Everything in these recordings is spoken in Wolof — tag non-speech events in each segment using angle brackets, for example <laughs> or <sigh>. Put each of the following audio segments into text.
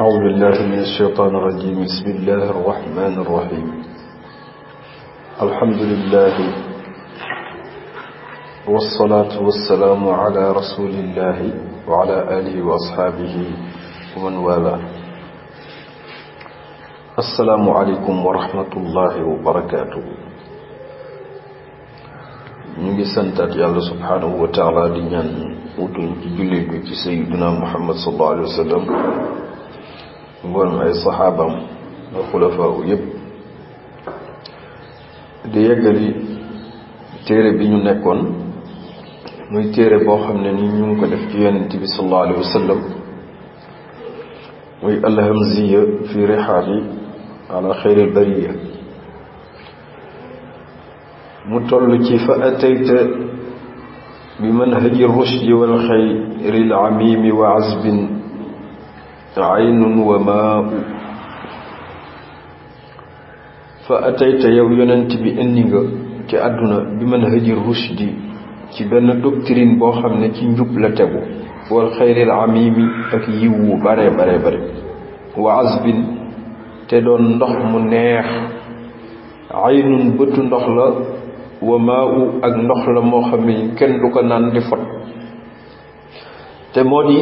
أعوذ بالله من الشيطان الرجيم بسم الله الرحمن الرحيم الحمد لله والصلاة والسلام على رسول الله وعلى آله وأصحابه ومن والاه السلام عليكم ورحمة الله وبركاته ñu ngi santaat yàlla subhanahu wa taala di ñaan wutuñ ci jullit bi ci sayyidina muhammad sallallahu alayhi wa sallam mboolem ay saxaabam ak xulafaawu yépp di yeggali téere bi ñu nekkoon muy téere boo xam ne ni ñu ngi ko def ci yonent bi sallallahu alayhi wa sallam muy alhamziya fi rihaabi ala xayril bariya mu toll ci fa atayta بمنهج الرشد والخير العميم وعزب عين وماء فأتيت yow yonent bi indi nga ci àdduna bi manhaji rushdi ci benn doctrine boo xam ne ci njub la tegu wal xayril amimi ak yiw wu bare bare bare wa azbin te doon ndox mu neex aynun bëtu ndox la wa maa ak ndox la moo xam ne kenn du ko naan di fot te moo di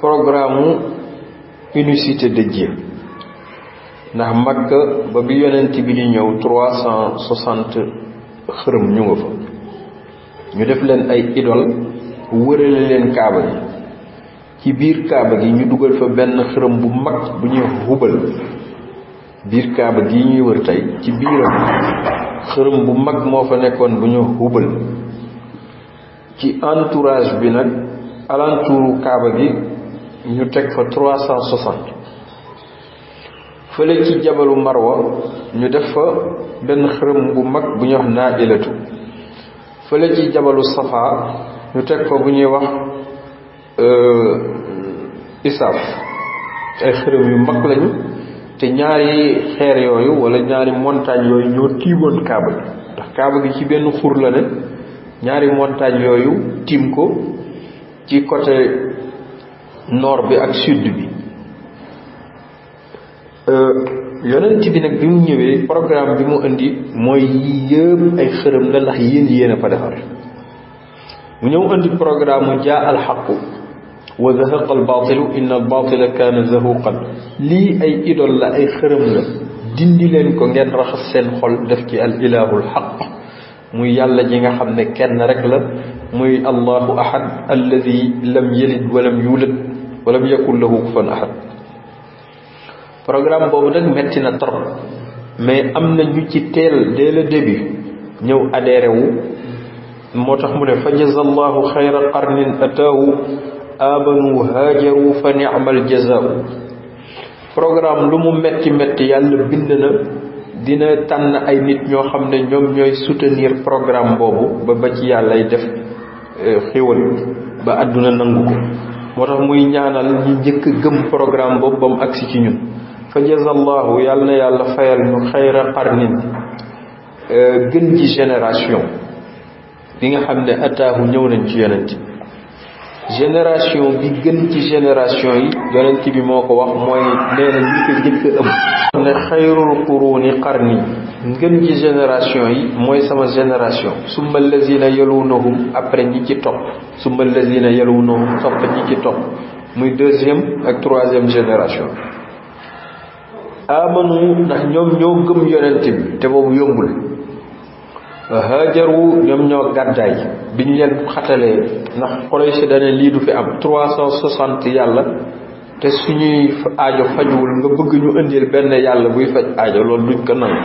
programme unicité de Dieu ndax Makka ba bi yonent bi di ñëw trois cent soixante xërëm ñu nga fa ñu def leen ay idole wërale leen kaaba gi ci biir kaaba gi ñu dugal fa benn xërëm bu mag bu ñuy hubal biir kaaba gi ñuy wër tey ci biiram xërëm bu mag moo fa nekkoon bu ñu hubal ci entourage bi nag alentouru kaaba gi ñu teg fa trois cent soixante fële ci jabalu marwa ñu def fa benn xërëm bu mag bu ñuy naa ilatu fële ci jabalu safa ñu teg fa bu ñuy wax euh, isaaf ay xërëm yu mag lañu te ñaari xeer yooyu wala ñaari montagne yooyu ñoo tiimoon kaaba gi ndax kaaba gi ci benn xur la ne ñaari montagne yooyu tiim ko ci côté nord bi ak sud bi euh, yonent bi nag bi mu ñëwee programme bi mu indi mooy yii yëpp ay xërëm la ndax yéen yéen fa defar mu ñëw indi programme mu jaa alxaqu wa zahaqa albatilu inna albatila kaana zahuqan lii ay idol la ay xërëm la dindi leen ko ngeen raxas seen xol def ci al ilahul muy yàlla ji nga xam ne kenn rek la muy allahu ahad alladi lam yalid walam yulad walam yakun boobu nag metti na trop mais am na ñu ci teel dès le début ñëw adhéré moo tax mu ne fa jazallahu xayra qarnin ataahu amanu haajaru fa ni'mal jazaa'u programme lu mu metti metti yàlla bind na dina tànn ay nit ñoo xam ne ñoom ñooy soutenir programme boobu ba ba ci yàllay def euh, xéwal ba àdduna nangu ko moo tax muy ñaanal ñi njëkk gëm programme boobu ba mu agsi ci ñun fa jazallahu yàlla na yàlla fayal ñu xayra qarnin euh, gën ci génération bi nga xam ne ataahu ñëw nañ ci yonent génération bi gën ci génération yi yonent bi moo ko wax mooy nee na ñi ko jëkk ëmb ne xayrul quruni qarni ngën ci génération yi mooy sama génération summa lazina yalunahum après ñi ci topp summa lazina yalunahum topp ñi ci topp muy deuxième ak troisième génération amanu ndax ñoom ñoo gëm yonent bi te boobu yombul hajaru ñoom ñoo gàddaay bi ñu leen xatalee ndax Quraysh dana lii du fi am trois cent soixante yàlla te suñuy aajo fajuwul nga bëgg ñu indil benn yàlla buy faj aajo lool duñ ko nangu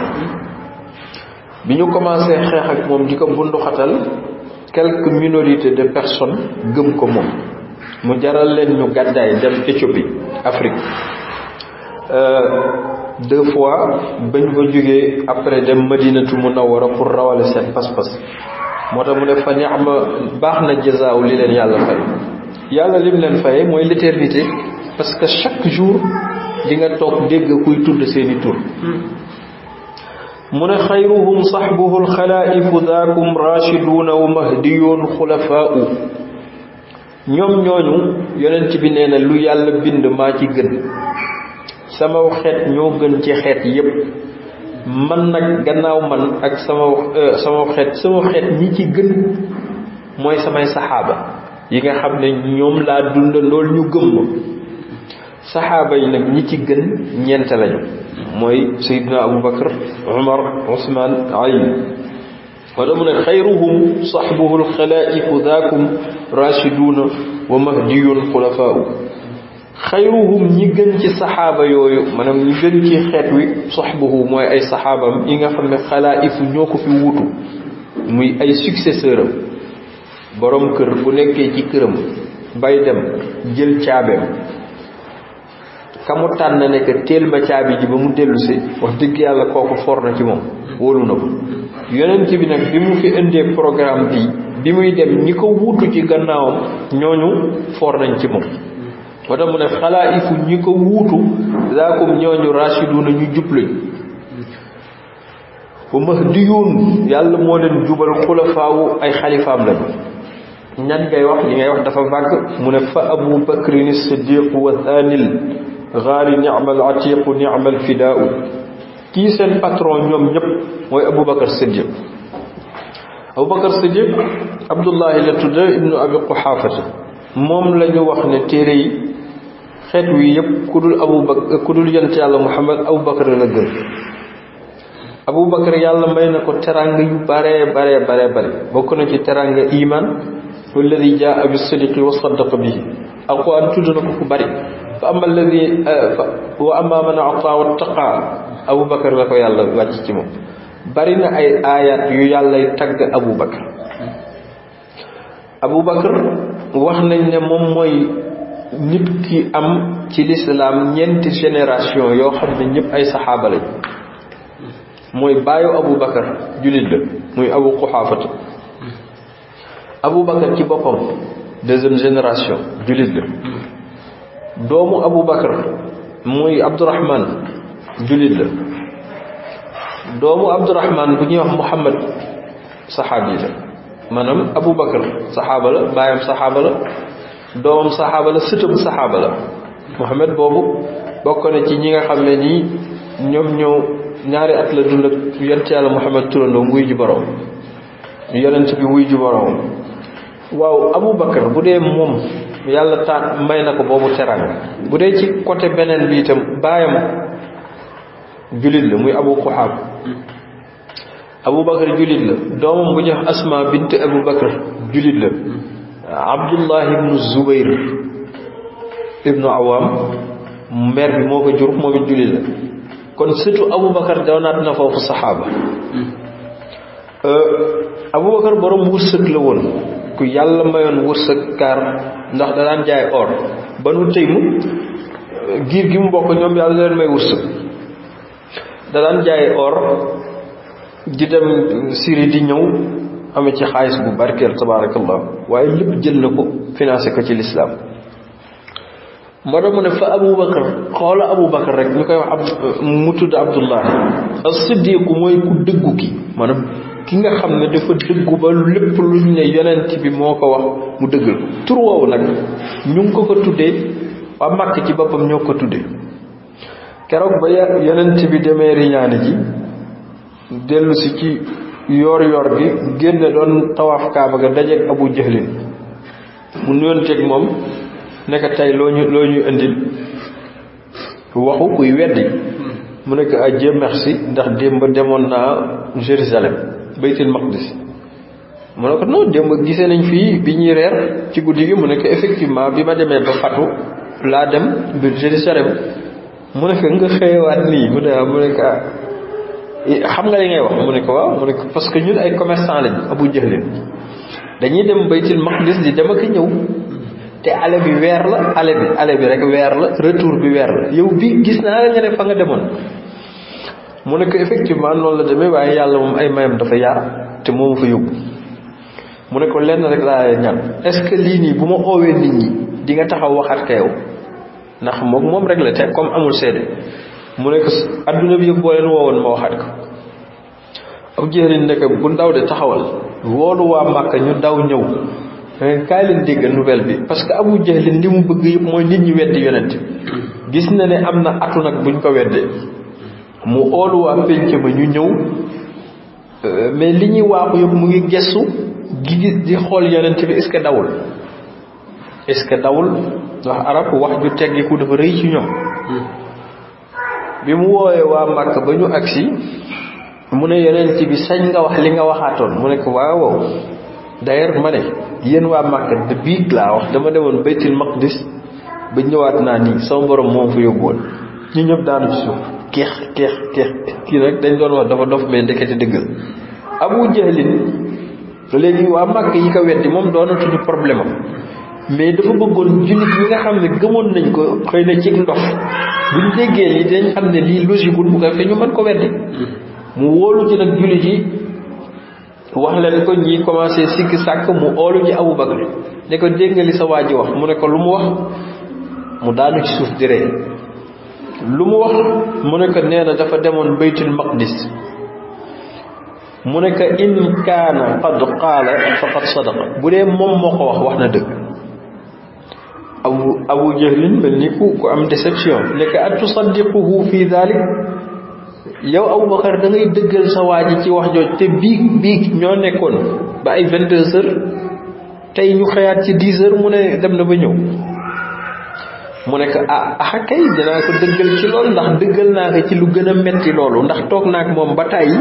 bi ñu commencé xeex ak moom di ko bunduxatal quelques minorités de personnes gëm ko moom mu jaral leen ñu gàddaay dem Éthiopie Afrique euh, deux fois bañ fa jógee après dem madinatu munawwara pour rawale seen pas-pas moo tax mu ne fa ni'ma baax na jazaaw li leen yàlla fay yàlla lim leen faye mooy l'éternité parce que chaque jour di nga toog dégg kuy tudd seeni tur mu ne xayruhum saxbuhu lxalaa'ifu daakum raashiduuna wa mahdiyuun xulafaa'u ñoom ñooñu yonent bi nee na lu yàlla bind maa ci gën samaw xeet ñoo gën ci xeet yépp man nag gannaaw man ak sama euh, sama xeet sama xeet ñi ci gën mooy samay saxaaba yi nga xam ne ñoom laa dundandool ñu gëm ma nag ñi ci gën ñeent lañu mooy sayidna abu bakar umar usman ali wala mu ne xayruhum saxbuhu alxalaa'ifu daakum raashiduuna wa mahdiyun xulafaa'u xayruhum ñi gën ci saxaaba yooyu maanaam ñi gën ci xeet wi soxbuhu mooy ay saxaabam yi nga xam ne xalaa'ifu ñoo ko fi wutu muy ay successeur am boroom kër bu nekkee ci këram bay dem jël caabeem ka mu tànn ne que teel ma caabi ji ba mu dellu wax dëgg yàlla kooku for na ci moom wóolu na ko yonent bi nag bi mu fi indee programme bi bi muy dem ñi ko wutu ci gannaawam ñooñu foor nañ ci moom moo mu ne xalaayifu ñi ko wuutu zaakum ñooñu rashiduna ñu jubluñ wa mahdiyun yàlla moo leen jubal xulafaawu ay xalifaam lañu ñan ngay wax li ngay wax dafa màgg mu ne fa abu bakrin siddiq wa thanil gaari niamal atiqu niamal fidaau kii seen patron ñoom ñëpp mooy abu bakar siddiq abu bakar siddiq abdullahi la tudda ibnu abi quxaafata moom lañu wax ne téere yi xeet wi yépp ku dul abu bakar ku dul yonent yàlla muhammad abu bakar la gën abu bakar yàlla may na ko teraanga yu bare bare bare bare bokk na ci teraanga iman walladi jaa bi sidqi wa saddaqa bihi alquran tudd na ko ku bari fa ama alladi wa ama man ata wa taqa abu bakar la ko yàlla wàcc ci moom bari na ay ayat yu yàllay tagg abu bakar abu bakar wax nañ ne moom mooy nit ki am ci lislaam ñeenti génération yoo xam ne ñëpp ay saxaaba lañ mooy baayu abu bakar jullit la muy abu quxaafata abu bakar ci boppam deuxième génération jullit la doomu abu bakar muy abdurahman jullit la doomu abdurahman bu ñuy wax muhammad saxaabi la maanaam abu bakar saxaaba baayam saxaaba doomam saxaaba la sëtam saxaaba la Muhammad boobu bokk ci ñi nga xam ne nii ñoom ñoo ñaari at la dund ak yonent yàlla Muhammad turandoom wuy ji borom yonent bi wuy ji borom waaw Aboubacar bu dee moom yàlla taat may na ko boobu teranga bu dee ci côté beneen bi itam baayam jullit la muy Abu Quhaab Aboubacar jullit la doomam bu ñuy wax Asma bint Aboubacar jullit la abdullah ibnu zubayr ibnu awam mère bi moo ko jur moom it jullit la kon surtout aboubacar dawnaat na foofu saxaaba euh, aboubacar borom wërsëg la woon ku yàlla mayoon wërsëg kaar ndax da daan jaay or ba nu tey mu giir gi mu bokk ñoom yàlla leen may wërsëg da daan jaay or di dem siri di ñëw amee ci xaalis bu barkeel tabaarakallah waaye lépp jël na ko financé ko ci lislaam moo tax mu ne fa aboubacar xoola aboubacar rek ñu koy wax ab mu tudd abdullah as-siddiqu mooy ku dëggu ki maanaam ki nga xam ne dafa dëggu ba lépp luñ ne yonent bi moo ko wax mu dëggal tur woowu nag ñu ngi ko ko tuddee waa màkk ci boppam ñoo ko tuddee keroog ba yonent bi demee riñaane ji dellu ci yoor yoor bi génn doon tawaaf kaaba ga dajeeg abu jahlin mu nuyoonteeg moom nekk tey loo ñu loo ñuy indil waxu kuy weddi mu nekk a ah, Dieu merci ndax démb demoon naa Jérusalem baytul maqdis mu ne ko démb gisee nañ fii bi ñuy reer ci guddi gi mu nekk effectivement bi ma demee ba fatu laa dem bi Jérusalem mu nekk nga xëyewaat nii mu ne ah, mu nekk xam nga li ngay wax mu ne ko waaw mu ne ko parce que ñun ay commerçant lañ abu jëxlin dañuy dem baytil maqdis di dem ak ñëw te ale bi weer la ale bi ale bi rek weer la retour bi weer la yow bi gis naa la nga fa nga demoon mu ne ko effectivement noonu la demee waaye yàlla moom ay mayam dafa yaar te moo ma fa yóbbu mu ne ko lenn rek laa ñaan est-ce lii nii bu ma oowee nit ñi di nga taxaw waxaat ka yow ndax moom moom rek la te comme amul seede mu nekk adduna bi yëpp boo leen ma waxaat ko Abu Jahl nekk bu ndaw de taxawal woolu waa Màkka ñu daw ñëw eh, kaay leen dégg nouvelle bi parce que Abu Jahl li mu bëgg yëpp mooy nit ñi weddi yonent gis na ne am na atu nag ñu ko weddee mu oolu waa pénc ma ñu ñëw eh, mais li ñuy waaxu yëpp mu ngi gestu gi gis di xool yonent bi est-ce que dawul est-ce que dawul wax arab wax ju teggiku dafa rëy ci ñoom hmm. bi mu woowee waa Màkka ba ñu agsi mu ne yeneen ci bi sañ nga wax li nga waxaatoon mu ne ko waaw d'ailleurs ma ne yéen waa Màkka de biig laa wax dama demoon Baytul Maqdis ba ñëwaat naa nii sama borom moom fa yóbbuwoon ñu ñëpp daanu ci suuf keex keex keex kii nag dañ doon wax dafa dof mais ndekete dëggal Abu Jahlin léegi waa Màkka yi ko weddi moom doonatuñu problème am mais dafa bëggoon jullit ñi nga xam ne gëmoon nañ ko xëy na ci ndox buñ déggee lii dañ xam ne lii logique wul bu ko defee ñu mën ko weddi mu wóolu ci nag jullit yi wax leen ko ñii commencé sikki sàkk mu oolu ci Abu Bakar ne ko dégg nga li sa waa ji wax mu ne ko lu mu wax mu daanu ci suuf di lu mu wax mu ne ko nee na dafa demoon baytul maqdis mu ne ko in kaana qad qaala faqad sadaqa bu dee moom moo ko wax wax na dëgg abu abu jahlin mel ni ku ku am déception nekk at tusaddiquhu fi dalik yow Aboubacar da ngay dëggal sa waa ci wax jooj te biig biig ñoo nekkoon ba ay vingt tey ñu xëyaat ci dix heures mu ne dem na ba ñëw mu nekk ah ah kay dinaa ko dëggal ci loolu ndax dëggal naa ko ci lu gën a metti loolu ndax toog naa ak moom ba tàyyi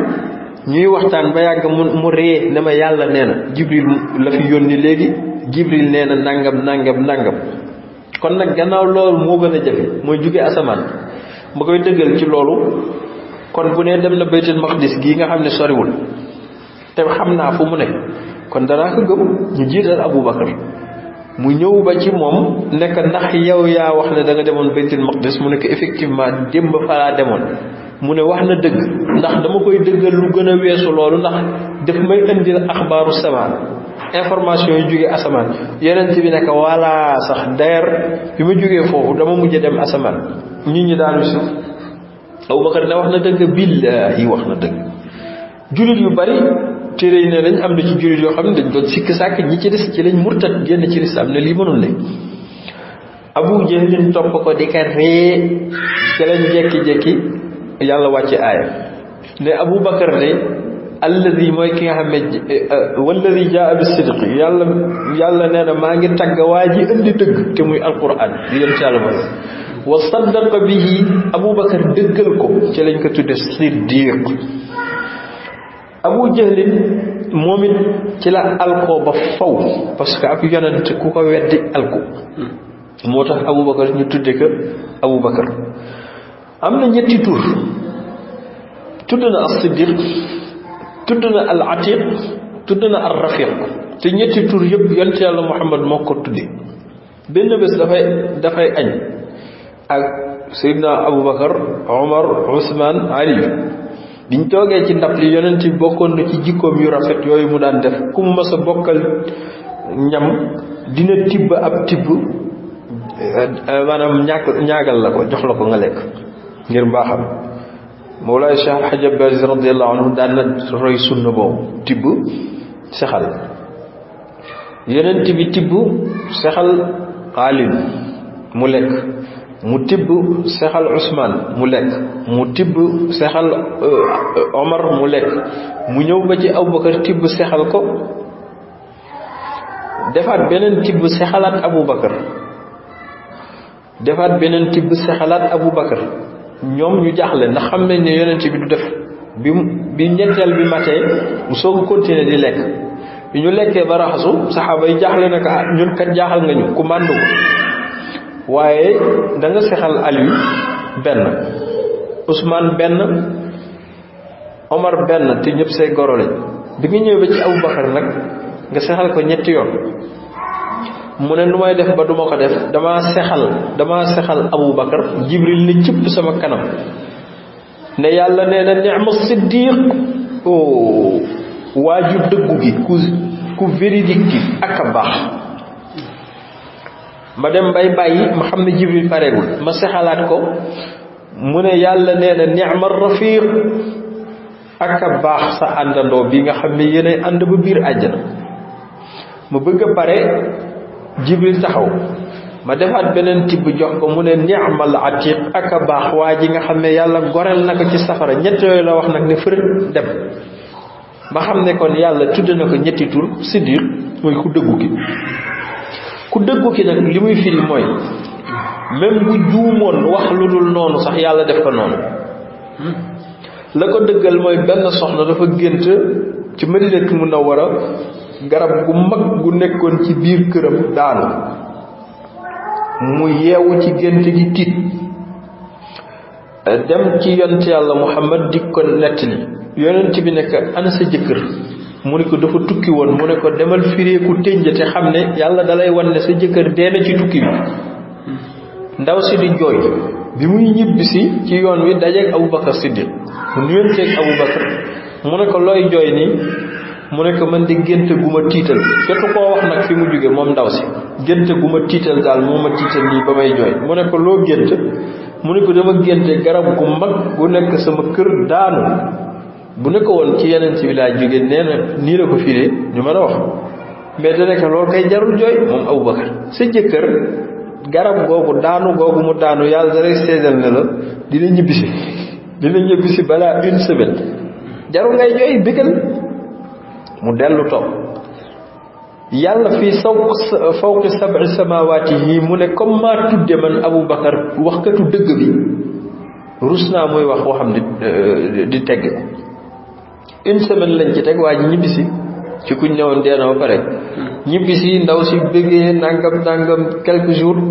ñuy waxtaan ba yàgg mu mu ree ne ma yàlla nee na Jibril la fi yónni léegi Jibril nee na nangam nangam nangam kon nag gannaaw loolu moo gën a jafe mooy jóge asamaan ma koy dëggal ci loolu kon bu nee dem na baytul maqdis gii nga xam ne soriwul te xam naa fu mu ne kon danaa ko gëm ñu jiital Aboubacar mu ñëw ba ci moom nekk ndax yow yaa wax ne da nga demoon baytul maqdis mu ne ko effectivement démb falaa demoon mu ne wax na dëgg ndax dama koy dëggal lu gën a weesu loolu ndax daf may indil axbaaru samaan information yu jógee asamaan yonent bi nekk walla sax d'ailleurs bi ma jógee foofu dama mujj dem asamaan ñi ñi daanu suuf Abubakar na wax na dëgg billaahi wax na dëgg jullit yu bari téere yi ne nañ am na ci jullit yoo xam ne dañ doon sikk sàkk ñi ci des ci lañ murtat génn ci lislaam ne lii mënul ne Abu Jahlin topp ko di ka ree ci lañ jekki-jekki yàlla wàcce aaya ne Abubakar de alladi mooy ki nga xam ne eh, walladi jaa bi sidqi yàlla yàlla nee na maa ngi tagg waa ji indi dëgg te muy alquran di yonent yàlla ba wa saddaqa bihi aboubacar dëggal ko ci lañ ko tudd siddiq abu jahlin moom it ci la alkoo ba faw parce que ak yonent ku ko weddi alko moo tax aboubacar ñu tudde ko aboubacar am na ñetti tur tudd na as tudd na al atiq tudd na ar rafiq te ñetti tur yëpp yonent yàlla muhammad moo ko tudde benn bés dafay dafay añ ak sayidna abubakar omar usman ali biñ toogee ci ndab li yonent bokkoon na ci jikkoom yu rafet yooyu mu daan def ku mu a bokkal ñam dina tibb ab tibb eh, eh, maanaam ñàkk ñaagal la ko jox la ko nga lekk ngir mbaaxam Mawlaay Cheikh Al Hajj Abbas radiyallahu anhu daan na roy sunna boobu tibb sexal yeneen bi tibb sexal Ali mu lekk mu tibb sexal Ousmane mu lekk mu tibb sexal euh, Omar mu lekk mu ñëw ba ci Aboubacar tibb sexal ko defaat beneen tibb sexalaat Aboubacar defaat beneen tibb sexalaat Aboubacar ñoom ñu jaaxle ndax xam nañ ne yonent bi du def bi bi ñetteel bi matee bu soog a continuer di lekk bi ñu lekkee ba raxasu saxaaba yi jaaxle na ka ah, ñun kat jaaxal nga ñu ku màndu ko waaye danga nga sexal Aliou benn Ousmane benn Omar benn te ñëpp say goro lañ bi nga ñëwee ba ci Aboubacar nag nga sexal ko ñetti yoon mu ne nu may def ba duma ko def dama sexal dama sexal Abu Bakar Jibril ni cëpp sama kanam ne yàlla nee na ni'ma siddiq o oh, waaju dëggu gi ku ku véridique gi ak a baax ma dem bay bàyyi ma xam ne Jibril pareegul ma sexalaat ko mu ne yàlla nee na ni'ma rafiq ak a baax sa àndandoo bi nga xam ne yéenay ànd ba biir àjjana ma bëgg a pare jibril taxaw ma defaat beneen tibb jox ko mu ne ni'mal atiq ak a baax waa ji nga xam ne yàlla goreel na ko ci safara ñett la wax nag ne fër dem ma xam ne kon yàlla tudd na ko ñetti tur siddiq mooy ku dëggu ki ku dëggu ki nag li muy firi mooy même bu juumoon wax lu dul noonu sax yàlla def ko noonu la ko dëggal mooy benn soxna dafa gént ci madinatu munawwara garab gu mag gu nekkoon ci biir këram daanu mu yeewu ci gént gi tiit dem ci yonent yàlla muhammad di ko nettali yonent bi nekk ana sa jëkkër mu ne ko dafa tukki woon mu ne ko demal fireeku tënj te xam ne yàlla dalay wan ne sa jëkkër dee na ci tukki bi ndaw si di jooy bi muy ñibbisi ci yoon wi dajeeg abubakar siddiq mu nuyoonteeg abubakar mu ne ko looy jooy nii mu ne ko man di gént gu ma tiital jotu koo wax nag fi mu jóge moom ndaw si gént gu ma tiital daal moo ma tiital nii ba may jooy mu ne ko loo gént mu ne ko dama génte garab gu mag gu nekk sama kër daanu bu ne ko woon ci yeneen ci village jóge nee na nii la ko firee ñu ma a wax mais da nekk loolu kay jarul jooy moom Aboubacar sa jëkkër garab googu daanu googu mu daanu yàlla da rek seedal ne la dina ñibbisi dina ñibbisi balaa une semaine jarul ngay jooy bégal mu dellu toog yàlla fii saw fawqi sab'i samawati yi mu ne comme maa tudde man abou bakar waxkatu dëgg bi rus naa muy wax waxam di di tegg une semaine lañ ci teg waa waaye ñibbisi ci kuñ newoon dee na ba pare ñibbisi ndaw si bëggee nangam nangam quelques jours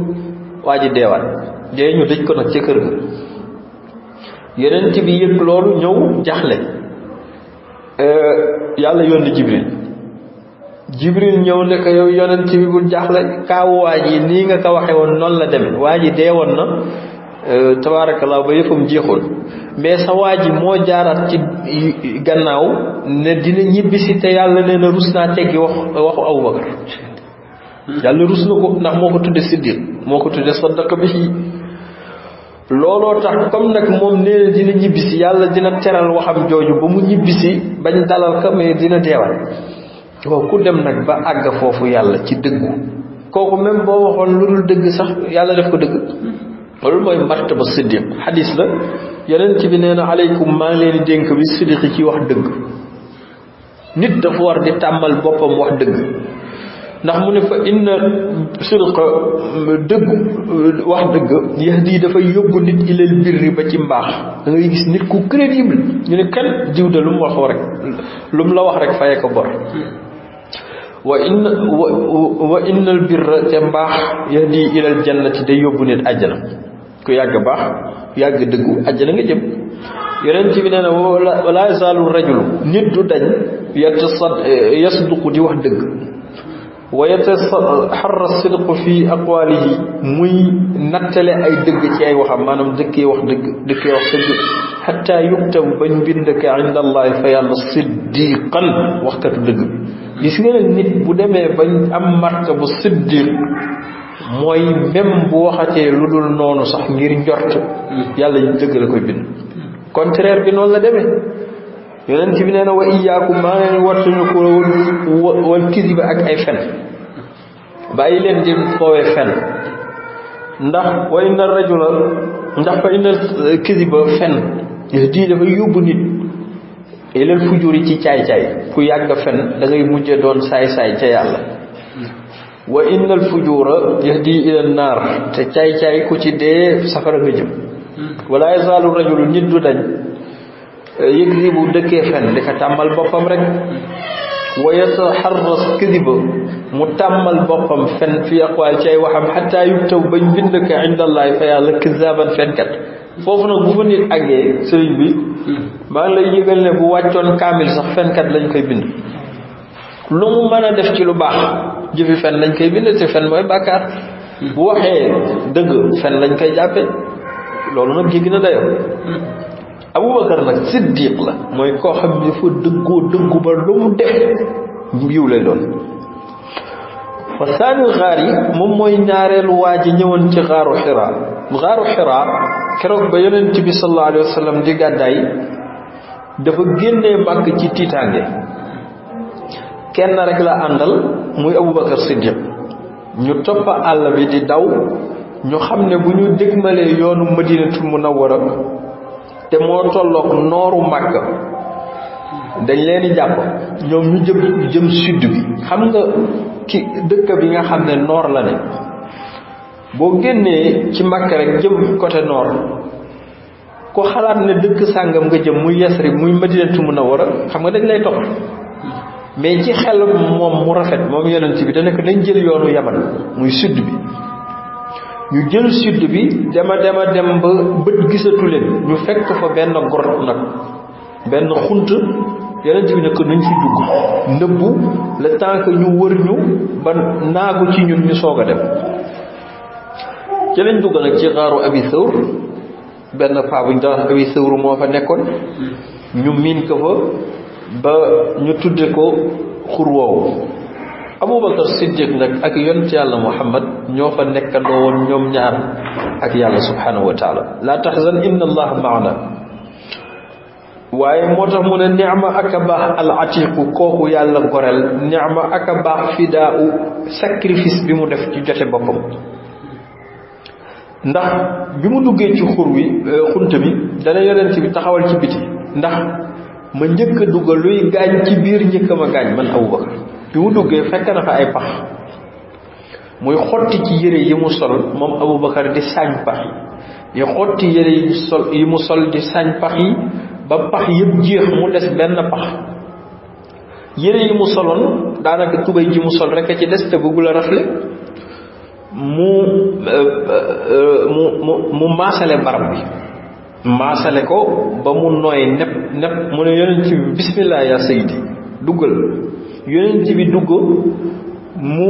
waa ji deewaat dee ñu dëj ko nag ca kër ga yonent bi yëg loolu ñëw jaxle Euh, yàlla yónni jibril jibril ñëw ne ko yow yonent bi bul jaaxle kaawu waa ji nii nga ko waxe woon noonu la dem waa ji dee woon na euh, tabaarakallaa ba yëfam jeexul mais sa waa ji moo jaaraat ci gannaaw ne dina ñibbisi te yàlla nee na rus naa teggi wax waxu Abubakar hmm. yàlla rus na ko ndax moo ko tudde siddiq moo ko tudde saddaqa bi looloo tax comme nag moom nee na dina ñibbisi yàlla dina teral waxam jooju ba mu ñibbisi bañ dalal ko mais dina deewal ku dem nag ba yàlla ci dëggu kooku même boo waxoon lu dul dëgg sax yàlla def ko dëgg loolu mooy martaba siddiq xadis la yonent bi nee na aleykum maa ngi leen di dénk bi siddiq ci wax dëgg nit dafa war di tàmmal boppam wax dëgg ndax mu ne fa inna sidqa dëggu wax dëgg yahdi dafay yóbbu nit ilal birri ba ci mbaax da gis nit ku crédible ñu ne kan jiw de lu mu waxoo rek lu mu la wax rek faye ko bor wa inna wa innal birra te mbaax yahdi ilal jannati day yóbbu nit àjjana ku yàgg baax yàgg dëggu àjjana nga jëm yonent bi nee na wala yazaalu rajulu nit du dañ yata sad yasduqu di wax dëgg wa yataxarra as-sidqu fi aqwaalihi muy nattale ay dëgg ci ay waxam maanaam dëkkee wax dëgg dëkkee wax dëgg xataa yuktab bañ bind ka inda allahi fa yàlla siddiqan waxkatu dëgg bi gis nga ne nit bu demee bañ am marka bu siddiq mooy même bu waxatee lu dul noonu sax ngir njort yàlla dëgg la koy bind contraire bi noonu la demee yonent bi nee na wa iyaakum maa ngi leen wattuñu ko wal kisiba ak ay fen bàyyi leen di foowee fen ndax wa inna rajula ndax fa inna kisiba fen dii dafa yóbbu nit ilal fujuri ci caay-caay ku yàgg fen dangay ngay mujje doon saay-saay ca yàlla wa innal fujura yahdi ila naar te caay-caay ku ci dee safara nga jëm wala yazaalu rajulu nit du dañ yëg ni bu dëkkee fen di ko tàmmal boppam rek wa yataxarras kadiba mu tàmmal boppam fen fi aqwaal ci ay waxam xataa yuktaw bañ bind ko indallahi fa yàlla kazaaban fenkat foofu nag bu fa nit àggee bi maa ngi lay yëgal ne bu wàccoon kaamil sax fenkat lañ koy bind lu mu mën a def ci lu baax jëfi fen lañ koy bind te fen mooy bàkkaar bu waxee dëgg fen lañ koy jàppe loolu nag jéggi na dayoo abubakar nag siddiq la mooy koo xam ne dafa dëggoo dëggu ba lu mu def yiw lay doon wa saanil xaar yi moom mooy ñaareelu waa ji ñëwoon ci xaaru xiraa xaaru xiraa keroog ba yonent bi sallallahu alayhi wa sallam di gàddaay dafa génnee màkk ci tiitaange kenn rek la àndal muy abubakar siddiq ñu topp àll bi di daw ñu xam ne bu ñu dégmalee yoonu madinatul munawwara te moo tolloog nooru Màkka dañ leen di jàpp ñoom ñu jëm jëm sud bi xam nga ki dëkk bi nga xam ne noor la ne boo génnee ci Màkka rek jëm côté noor ko xalaat ne dëkk sàngam nga jëm muy Yasrib muy mun a Munawwara xam nga dañ lay topp mais ci xel moom mu rafet moom yonent bi dana ko dañ jël yoonu Yaman muy sud bi ñu jël sud bi dema dema dem ba bët gisatu leen ñu fekk fa benn grotte nag benn xunt yeneen bi nekk nañ fi dugg nëbbu le temps ñu wër ñu ba naagu ci ñun ñu soog a dem ci lañ dugg nag ci xaaru abi sëwr benn paa bu ñu daan abi sëwr moo fa nekkoon ñu miin ko fa ba ñu tudde ko xur woowu abubakar siddiq nag ak yoon yonent yàlla muhammad ñoo fa nekkandoo woon ñoom ñaar ak yàlla subhanahu wa taala laa taxzan inna allaha maana waaye moo tax mu ne nicma aka baax al atiqu kooku yàlla goreel ma aka baax fidaa u sacrifice bi mu def ci jote boppam ndax bi mu duggee ci xur wi euh, xunt bi dana yonent bi taxawal ci biti ndax ma njëkk a duggal luy gaañ ci biir njëkk ma gaañ man abubakar bi mu duggee fekk na fa ay pax muy xotti ci yére yi mu sol moom Aboubacar di saañ pax yi di xotti yére yi mu sol yi mu sol di saañ pax yi ba pax yëpp jeex mu des benn pax yére yi mu soloon daanaka tubéy ji mu sol rek a ci des te bëggul a rafle mu euh, euh, mu mu mu maasale barab bi maasale ko ba mu nooy nepp nepp mu ne yonent bi bismillah yaa sayidi duggal yonent bi dugg mu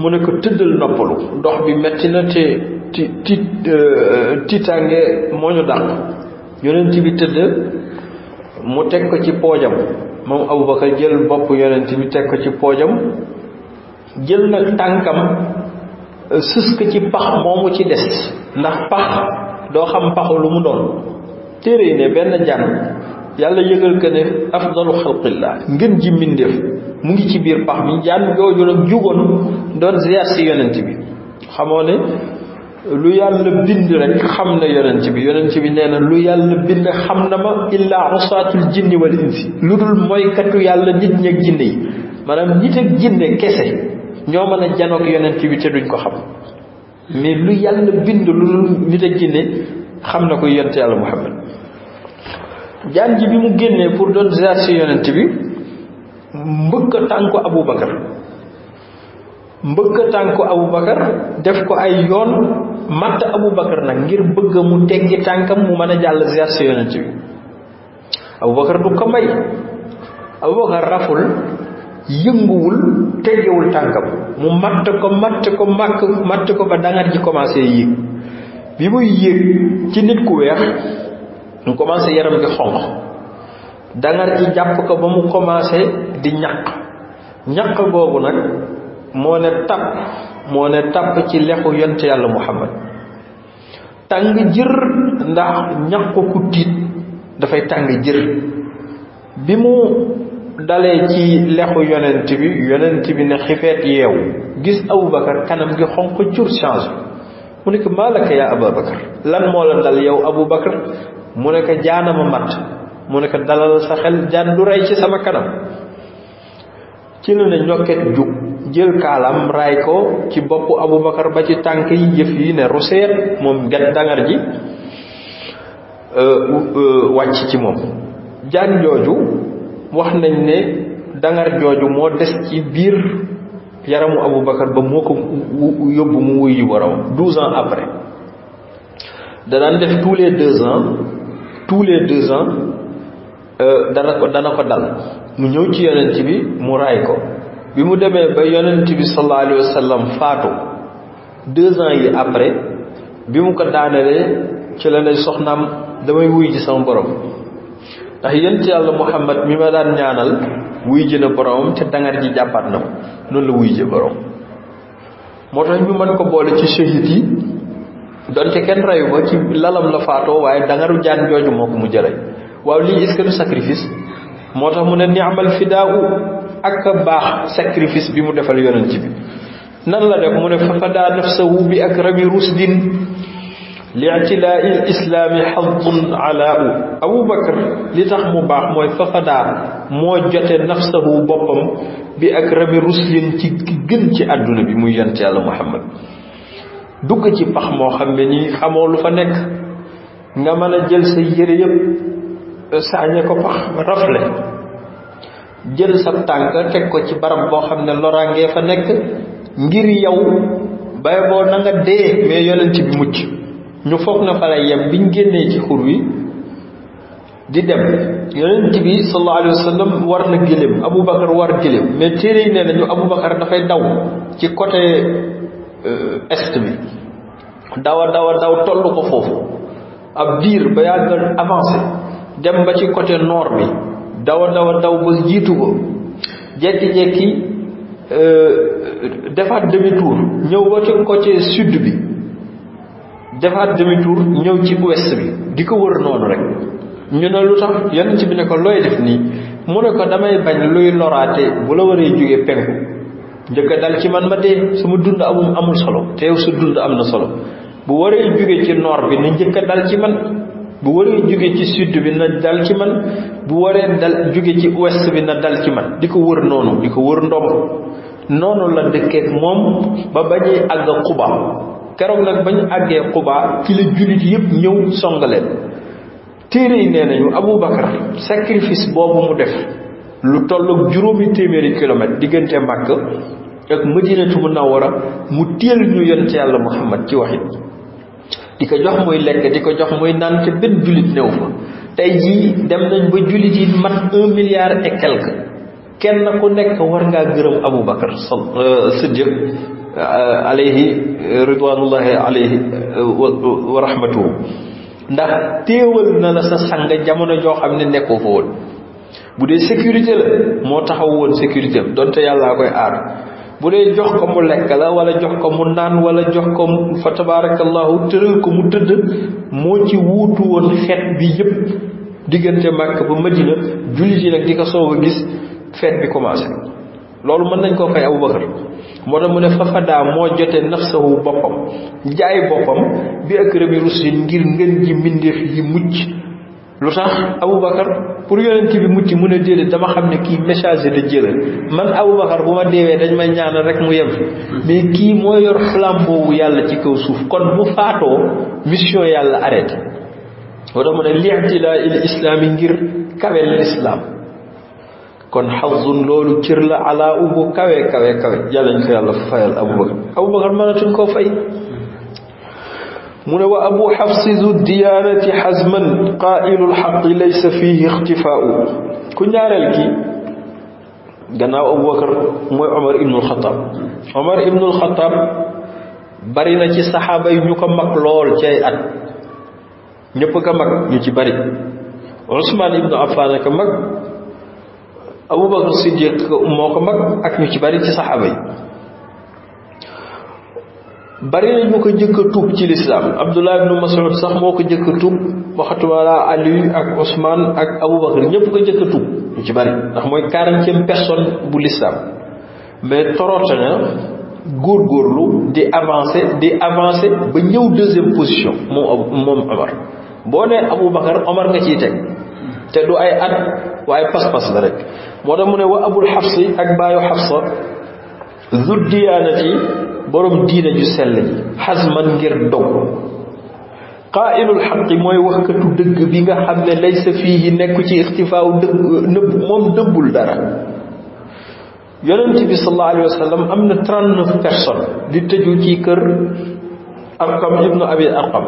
mu ne ko tëddal noppalu dox bi metti na te ti ti euh, euh, tiitaange moo ñu dàq yonent bi tëdd mu teg ko ci poojam moom Abubakar jël bopp yonent bi teg ko ci poojam jël nag tànkam euh, sës ko ci pax moomu ci des ndax pax doo xam paxu lu mu doon téere ne benn jan yàlla yëgal ko ne afdalu xalqillah ngir ji mbindeef mu ngi ci biir pax mi jaan jooju nag jugoon doon ziar si yonent bi xamoo ne lu yàlla bind rek xam na yonent bi yonent bi nee na lu yàlla bind xam na ma illaa usaatul jinni wal insi lu dul mooykatu yàlla nit ñi ak jinne yi maanaam nit ak jinne kese ñoo mën a janoog yonent bi te duñ ko xam mais lu yàlla bind lu dul nit ak jinne xam na ko yonent yàlla muhammad jaan ji bi mu génnee pour doon ziar ci yonent bi mbëkk tànku Aboubacar mbëkk tànku Aboubacar def ko ay yoon matt Aboubacar nag ngir bëgg mu teggi tànkam mu mën a jàll ziar si yonent bi Aboubacar du ko may Aboubacar raful yënguwul teggiwul tànkam mu matt ko matt ko màkk matt ko ba dangar ji commencé yéeg bi muy yéeg ci nit ku weex ñu commencé yaram gi xonq dangar ji jàpp ko ba mu commencé di ñaq ñaq boobu nag moo ne tàpp moo ne tàpp ci lexu yont yàlla muhammad tàng jër ndax ñaq ku tiit dafay tàng jër bi mu dalee ci lexu yonent bi yonent bi ne xifeet yeewu gis abubakar kanam gi xonq cur change mu ne ko maalaka yaa abubakar lan moo la dal yow abubakar mu nekk ko jaanama mat mu nekk ko dalal sa xel jaan du rey ci sama kanam ci la ne ñokket jug jël kaalam raay ko ci boppu Abubakar ba ci tànk yi jëf yi ne ruseet moom get dangar ji euh, euh, wàcc ci moom jaan jooju wax nañ ne dangar jooju moo des ci biir yaramu Abubakar ba moo ko yóbbu mu wuy ji borom douze ans après danaan def tous les deux ans tous les deux ans euh, dana ko dana ko dal mu ñëw ci yonent bi mu raay ko bi mu demee ba yonent bi sallallahu alayhi wa sallam faatu deux ans yi après bi mu ko daanelee ci la ne soxnaam damay wuy ji sama borom ndax yonent yàlla Muhammad mi ma daan ñaanal wuy ji na boromam te dangar ji jàppaat na noonu la wuy ji borom moo tax ñu mën ko boole ci shahid yi donte kenn reyu ko ci lalam la faatoo waaye dangaru jaan jooju moo mu jëray waaw lii est sacrifice moo tax mu ne ni'mal fidaawu ak baax sacrifice bi mu defal yonent bi nan la def mu ne fafadaa nafsahu bi akrami rusdin li'tilaa'i islaami xadun alaa'u abubakar li tax mu baax mooy fafadaa moo jote nafsahu boppam bi akrami rusdin ci gën ci àdduna bi muy yonent yàlla muhammad dugg ci pax moo xam ne nii xamoo lu fa nekk nga mën a jël sa yére yëpp saañe ko pax rafle jël sa tànk teg ko ci barab boo xam ne loraangee fa nekk ngir yow bay boo na nga dee mais yonent bi mucc ñu foog na fa lay yem biñ génnee ci xur wi di dem yonent bi sallallahu alayhi wa sallam war na gëléem Aboubacar war gëléem mais téere yi nee nañu Aboubacar dafay daw ci côté Euh, est bi dawa dawa daw toll ko foofu ab diir ba yàgg avancé dem ba ci côté noor bi dawa dawa daw ba jiitu ko jekki-jekki euh, defaat demi ñëw ba ci côté sud bi defaat demi tour ñëw ci ouest bi di ko wër noonu rek ñu ne lu tax yonent bi ne ko looy def nii mu ne ko damay bañ luy loraate bu la waree jóge penku njëkk dal ci man ma dee sama dund amul amul solo te yow sa dund am na solo bu waree jóge ci noor bi na njëkka a dal ci man bu waree jóge ci sud bi na dal ci man bu waree dal jóge ci ouest bi na dal ci man di ko wër noonu di ko wër ndomb noonu la dëkkeek moom ba bañee àgg Quba keroog nag bañu àggee Quba ci la jullit yépp ñëw songaleen téere yi nee nañu Abou Bakar sacrifice boobu mu def lu tolloog juróomi téeméeri kilomètre diggante Màkk ak Madinatu Munawwara mu téel ñu ci yàlla Muhammad ci waxit di ko jox muy lekk di ko jox muy naan te benn jullit néew fa tey jii dem nañ ba jullit yi mat un milliard ekkel quelque kenn ku nekk war ngaa gërëm Abu Bakar euh, Siddiq euh, alayhi ridwanullahi alayhi euh, wa rahmatuhu ndax téewal na la sa sang jamono joo xam ne nekkoo fa woon bu dee sécurité la moo taxaw woon sécurité am donte yàllaa koy aar bu dee jox ko mu lekk la wala jox ko mu naan wala jox ko fa tabaarakallahu tëral ko mu tëdd moo ci wuutu woon xeet bi yépp diggante Màkka ba Madina jullit yi nag di ko soog a gis fête bi commencé loolu mën nañ koo koy Abubakar moo tax mu ne fafadaa moo jote nafsahu boppam jaay boppam bi ak rëbi rusin ngir ngën ji mbindeef yi mucc lu tax Aboubacar pour yonent bi mucc mun a déedéet dama xam ne kii messager da jëla man Aboubacar bu ma deewee dañ may ñaanal rek mu yem fi mais kii moo yor flambeau wu yàlla ci kaw suuf kon bu faatoo mission yàlla arrêté woo tax mu ne li'tilaa il islaam yi ngir kawel islaam kon xawsun loolu cër la ala ubu kawe kawe kawe yàlla ñu ko yàlla fayal Aboubacar Aboubacar mënatuñ koo fay mu ne wa abu xafsi zu diyaanati xasman qaa'ilul xaqi laysa fiihi ixtifaa'u ku ñaareel ki gannaaw abubakar mooy omar ibnul xataab omar ibnul xataab bari na ci saxaaba yi ñu ko mag lool ci ay at ñëpp ko mag ñu ci bari usmaan ibnu affaan ko mag abubakar siddiq moo ko mag ak ñu ci bari ci saxaaba yi bari na ñu ko jëkk a tuub ci lislaam Abdullah ibnu Mas'ud sax moo ko jëkk a tuub waxatuwala Ali ak Ousmane ak Aboubacar ñëpp ko jëkk a tuub ñu ci bari ndax mooy quarantième personne bu lislaam mais toroota na góorgóorlu di avancer di avancer ba ñëw deuxième position moom ab Omar boo nee Aboubacar Omar nga ciy teg te du ay at waaye pas-pas la rek moo tax mu ne wa abul xafsi ak baayu xafsa zuddiyaanati borom diina ju sell ji xasman ngir dog qaailul xaqi mooy waxkatu dëgg bi nga xam ne laysa fiihi nekk ci ixtifaaw dëgg nëbb moom dëbbul dara yonent bi sallallahu alayhi am na trente neuf personnes di tëju ci kër arqam ibnu abi arqam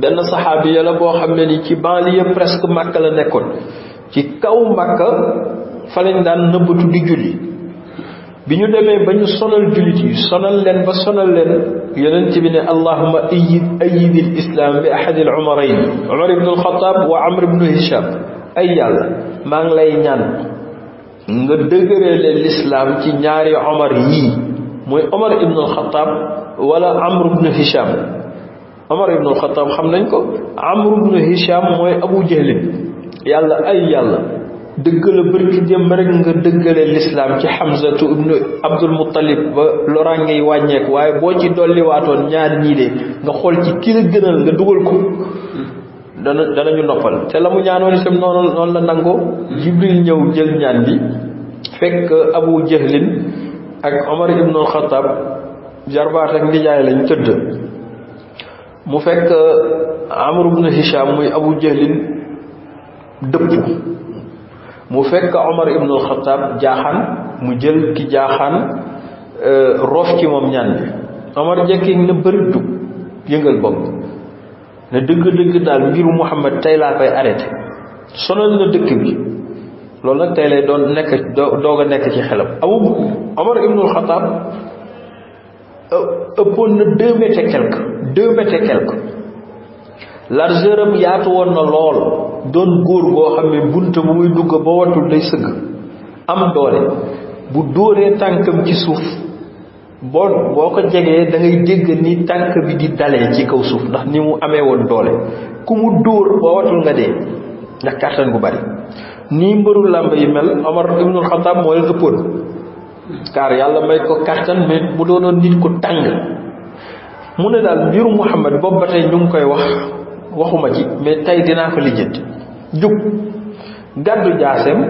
benn saxaabi la boo xam ne ni ci banlieue presque màkka la nekkoon ci kaw màkka fa daan nëbbatu di julli bi ñu demee ba ñu sonal jullit yi sonal leen ba sonal leen yonent bi ne allahuma ayid ayid al islaam bi ahadi al umarayn umar ibnu alxataab wa amr ay yàlla maa ngi lay ñaan nga dëgëreele lislaam ci ñaari omar yii mooy omar ibnu alxataab wala amr ibnu hisham omar xam nañ ko amr mooy abu jahlin yàlla ay yàlla dëgg la bërki démb rek nga dëggale lislaam ci xamsatu ibnu abdul muttalib ba loraan ngay wàññeeku waaye boo ci dolliwaatoon ñaar ñii de nga xool ci ki gënal nga dugal ko dana danañu noppal te la mu ñaanoon itam noonu la nangoo jibril ñëw jël ñaan bi fekk abu jahlin ak omar ibnul xataab jarbaat ak nijaay lañ tëdd mu fekk amr ibnu hisham muy abu jahlin dëpp mu fekk Omar ibn al jaaxaan mu jël ki jaaxaan euh, roof ci moom ñaan bi Omar jekki na bëri jug yëngal bopp ne dëgg-dëgg daal mbiru Muhammad tey laa koy arrêté sonal na dëkk bi loolu nag tey lay doon nekk doog a nekk ci xelam abu Omar ibn al-Khattab euh, ëppoon na deux mètres et largeur am yaatu woon na lool doon góor goo xam ne bunt bu muy dugg ba watul day sëgg am doole bu dóoree tànkam ci suuf boo boo ko jegee da dégg ni tànk bi di dalee ci kaw suuf ndax ni mu amee woon doole ku mu dóor ba watul nga dee ndax kartan gu bari nii mbëru làmb yi mel Omar ibnul Xataab moo leen ëppoon yàlla may ko kàttan mais mu doonoon nit ku tàng mu ne daal mbiru Muhammad boobu ba tey ñu ngi koy wax waxuma ci mais tey dinaa ko lijjanti jug gàddu jaaseem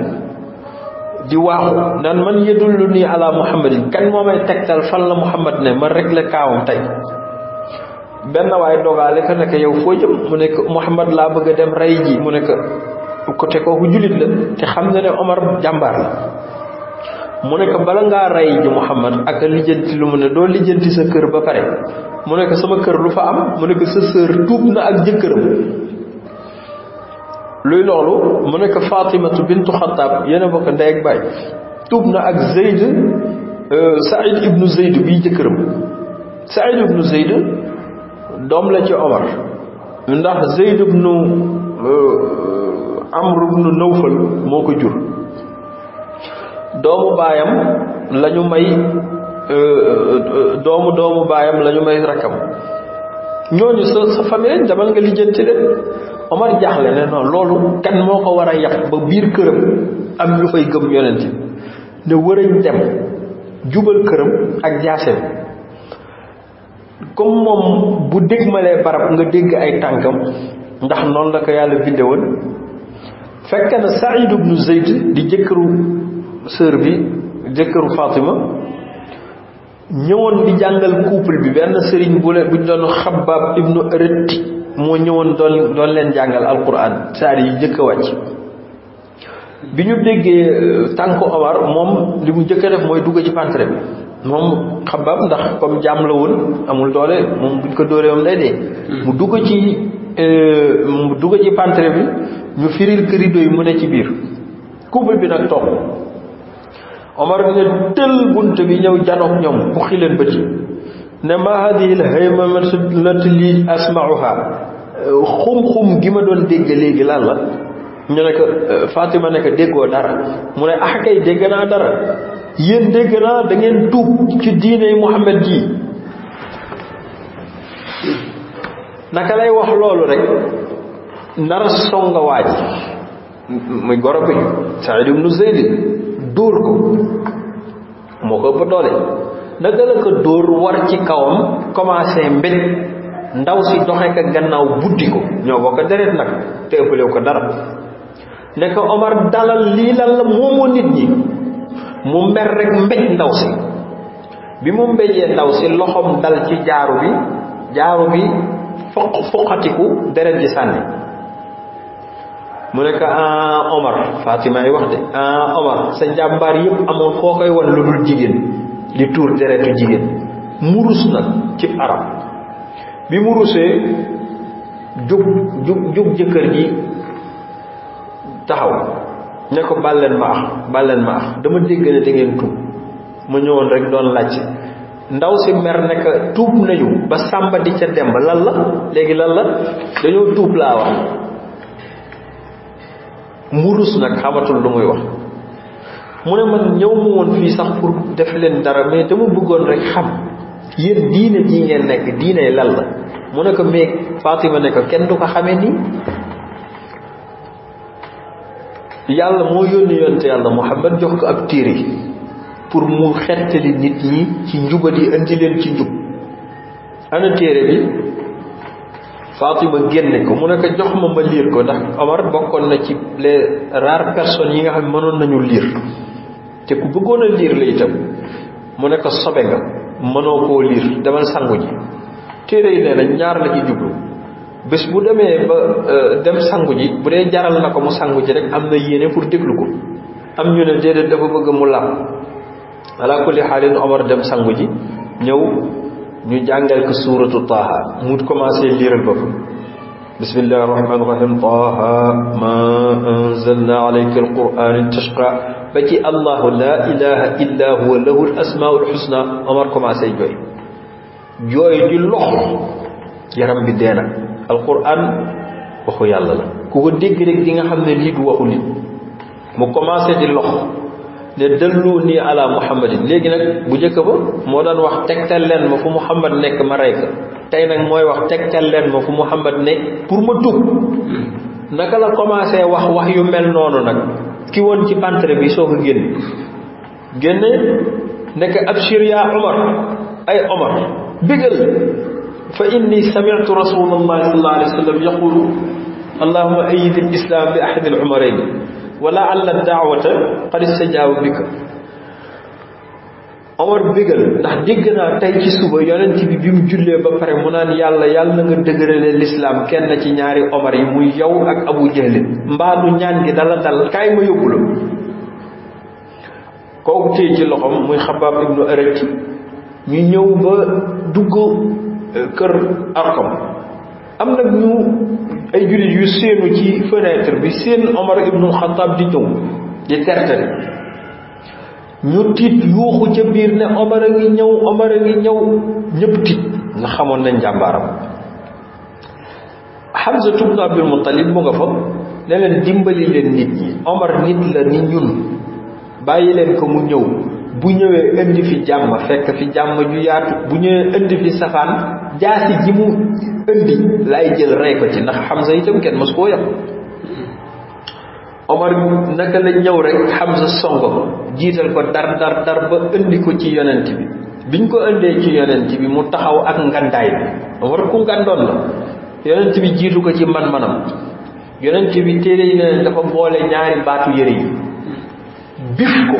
di waaxu naan man yedullu nii ala muhammadin kan moo may tegtal fan la muhammad ne ma la kaawam tey benn waay dogaale ko nekk yow foo jëm mu nekk muhammad laa bëgg a dem rey ji mu nekk côté kooku jullit la te xam na ne Omar jàmbaar la mu nekk bala ngaa rey ji Muhammad ak lijjanti lu mu ne doo lijjanti sa kër ba pare mu nekk sama kër lu fa am mu nekk ko sa sœur tuub na ak jëkkëram luy loolu mu nekk ko Fatimatu bintu Xattaab yéen a bokk ndey ak baay tuub na ak Zayd euh, Saïd ibnu Zayd bii jëkkëram Saïd ibnu Zayd doom la ci Omar ndax Zayd ibnu euh, Amr ibnu Nawfal moo ko jur doomu baayam lañu ñu may euh, euh, euh, doomu doomu baayam la ñu may rakkam ñooñu sa sa famille demal nga lijjanti leen Omar jaaxle ne non loolu kan moo ko war a yàq ba biir këram am ñu fay gëm yonent bi ne wërañ dem jubal këram ak jaase comme moom bu dégmalee barab nga dégg ay tànkam ndax noonu la ko yàlla binde woon fekk na Saïd ibnu Zayd di jëkkëru sœur bi jëkkëru Fatima ñëwoon li jàngal couple bi benn sëriñ bu leen bu ñu doon xabaab ibnu rëtti moo ñëwoon doon doon leen jàngal alquran saar yi jëkk a wàcc bi ñu déggee euh, tànko Omar moom li mu jëkk a def mooy dugg ci pantre bi moom xabaab ndax comme jaam la woon amul doole moom buñ ko doole moom day dee mu dugg ci euh, mu dugg ci pantre bi ñu firil kërido yi mu ne ci biir couple bi nag topp Omar ne tël bunt bi ñëw janoog ñoom bu xi leen bëti ne ma hadihi lhaymanat li asmauha xum-xum gi ma doon dégg léegi lan la ñu ne ko Fatima ne déggoo dara mu ne ah kay dégg naa dara yéen dégg naa da ngeen ci diine Muhammad ji naka lay wax loolu rek nar songa muy goro bi Saïd ibnu Zeyd dóor ko moo ko ëpp doole naka la ko dóor war ci kawam commencé mbéj ndaw si doxe ka gannaaw buddi ko ñoo bokk deret nag te ëppalewu ko dara ne ko Omar dalal lii lan la moomoo nit ñi mu mer rek mbéj ndaw si bi mu mbéjee ndaw si loxoom dal ci jaaru bi jaaru bi foq fuqatiku deret ji sànni mu nekk ko ah Omar Fatima ay wax de ah Omar sa jàmbaar yëpp amoon foo koy wan lu dul jigéen di tuur deretu jigéen murus nag ci arab bi mu rusee jug jug jug jëkkër ji taxaw ne ko bàlleen maax bàlleen maax dama dégg ne da ngeen tuub ma ñëwoon rek doon laaj ndaw si mer ne ko tuub nañu ba sàmba di ca dem lan la léegi lan la dañoo tuub laa wax mu rus nag xamatul lu muy wax mu ne man ñëw mu woon fii sax pour def leen dara mais dama bëggoon rek xam yéen diine ji ngeen nekk diine lal la mu nekk ko mais Fatima ne kenn du ko xamee nii yàlla moo yónni yonte yàlla Muhammad jox ko ab téere pour mu xettali nit ñi ci njubadi andi leen ci njub ana téere bi Fatima génne ko mu ne ko jox ma ma liir ko ndax Omar bokkoon na ci les rares personnes yi nga xam ne mënoon nañu liir te ku bëggoon a liir la itam mu ne ko sobe nga mënoo koo liir demal sangu ji téere yi nee na ñaar la ci jublu bés bu demee ba euh, dem sangu ji bu dee jaral na ko mu sangu ji rek am na yéene pour déglu ko am ñu ne déedéet dafa bëgg mu làpp ala kulli xaalin Omar dem sangu ji ñëw ñu jàngal ko suuratu taaha mu commencé liiral boppam bismillahi rahmaani rahim taaha ma anzalna alayka alqur'ana tashqa ba ci allahu la ilaha illa huwa lahu al asmaul husna omar commencé jooy jooy di loxo yaram bi dee na alqur'an waxu yàlla la ku ko dégg rek di nga xam ne lii du waxu nit mu commencé di loxo ne dëlloo nii ala muhammadin léegi nag bu njëkk ba moo daan wax tegtal leen ma fu muhammad nekk ma rey ko tey nag mooy wax tegtal leen ma fu muhammad ne pour ma tuub naka la commencé wax wax yu mel noonu nag ki won ci pantre bi soo ko génn génne nekk abshir yaa omar ay omar bégal fa inni sami'tu rasulallahi sallallahu alayhi wa sallam allahuma ayid al bi ahadi al umarayn wala àlla daawata xad istajaaba bi ka Omar bégal ndax dégg naa tey ci suba yonent bi bi mu jullee ba pare mu naan yàlla yàlla na nga dëgërale lislaam kenn ci ñaari Omar yi muy yow ak Abu Jahlin mbaadu ñaan gi dala dal kaay ma yóbbu la kooku téye ci loxoom muy Xabaab ibnu Arat ñu ñëw ba dugg euh, kër Arqam am nag ñu ay jullit yu séenu ci fenêtre bi seen Omar ibnul Xataab di ñëw di tertali ñu tiit yuuxu ca biir ne Omar a ngi ñëw Omar a ngi ñëw ñëpp tiit nga xamoon nañ jàmbaaram Hamza ibn Abdul Muttalib mu nga fa ne leen dimbali leen nit ñi Omar nit la ni ñun bàyyi leen ko mu ñëw bu ñëwee indi fi jàmm fekk fi jàmm ju yaatu bu ñëwee indi fi safaan jaasi ji mu indi laay jël rey ko ci ndax Hamza itam kenn mos koo yàq Omar naka la ñëw rek Hamza songo jiital ko dar dar dar ba indi ko ci yonent bi biñ ko indee ci yonent bi mu taxaw ak ngandaay bi war ku ngandoon la yonent bi jiitu ko ci man-manam yonent bi téere yi ne dafa boole ñaari baatu yére yi bi ko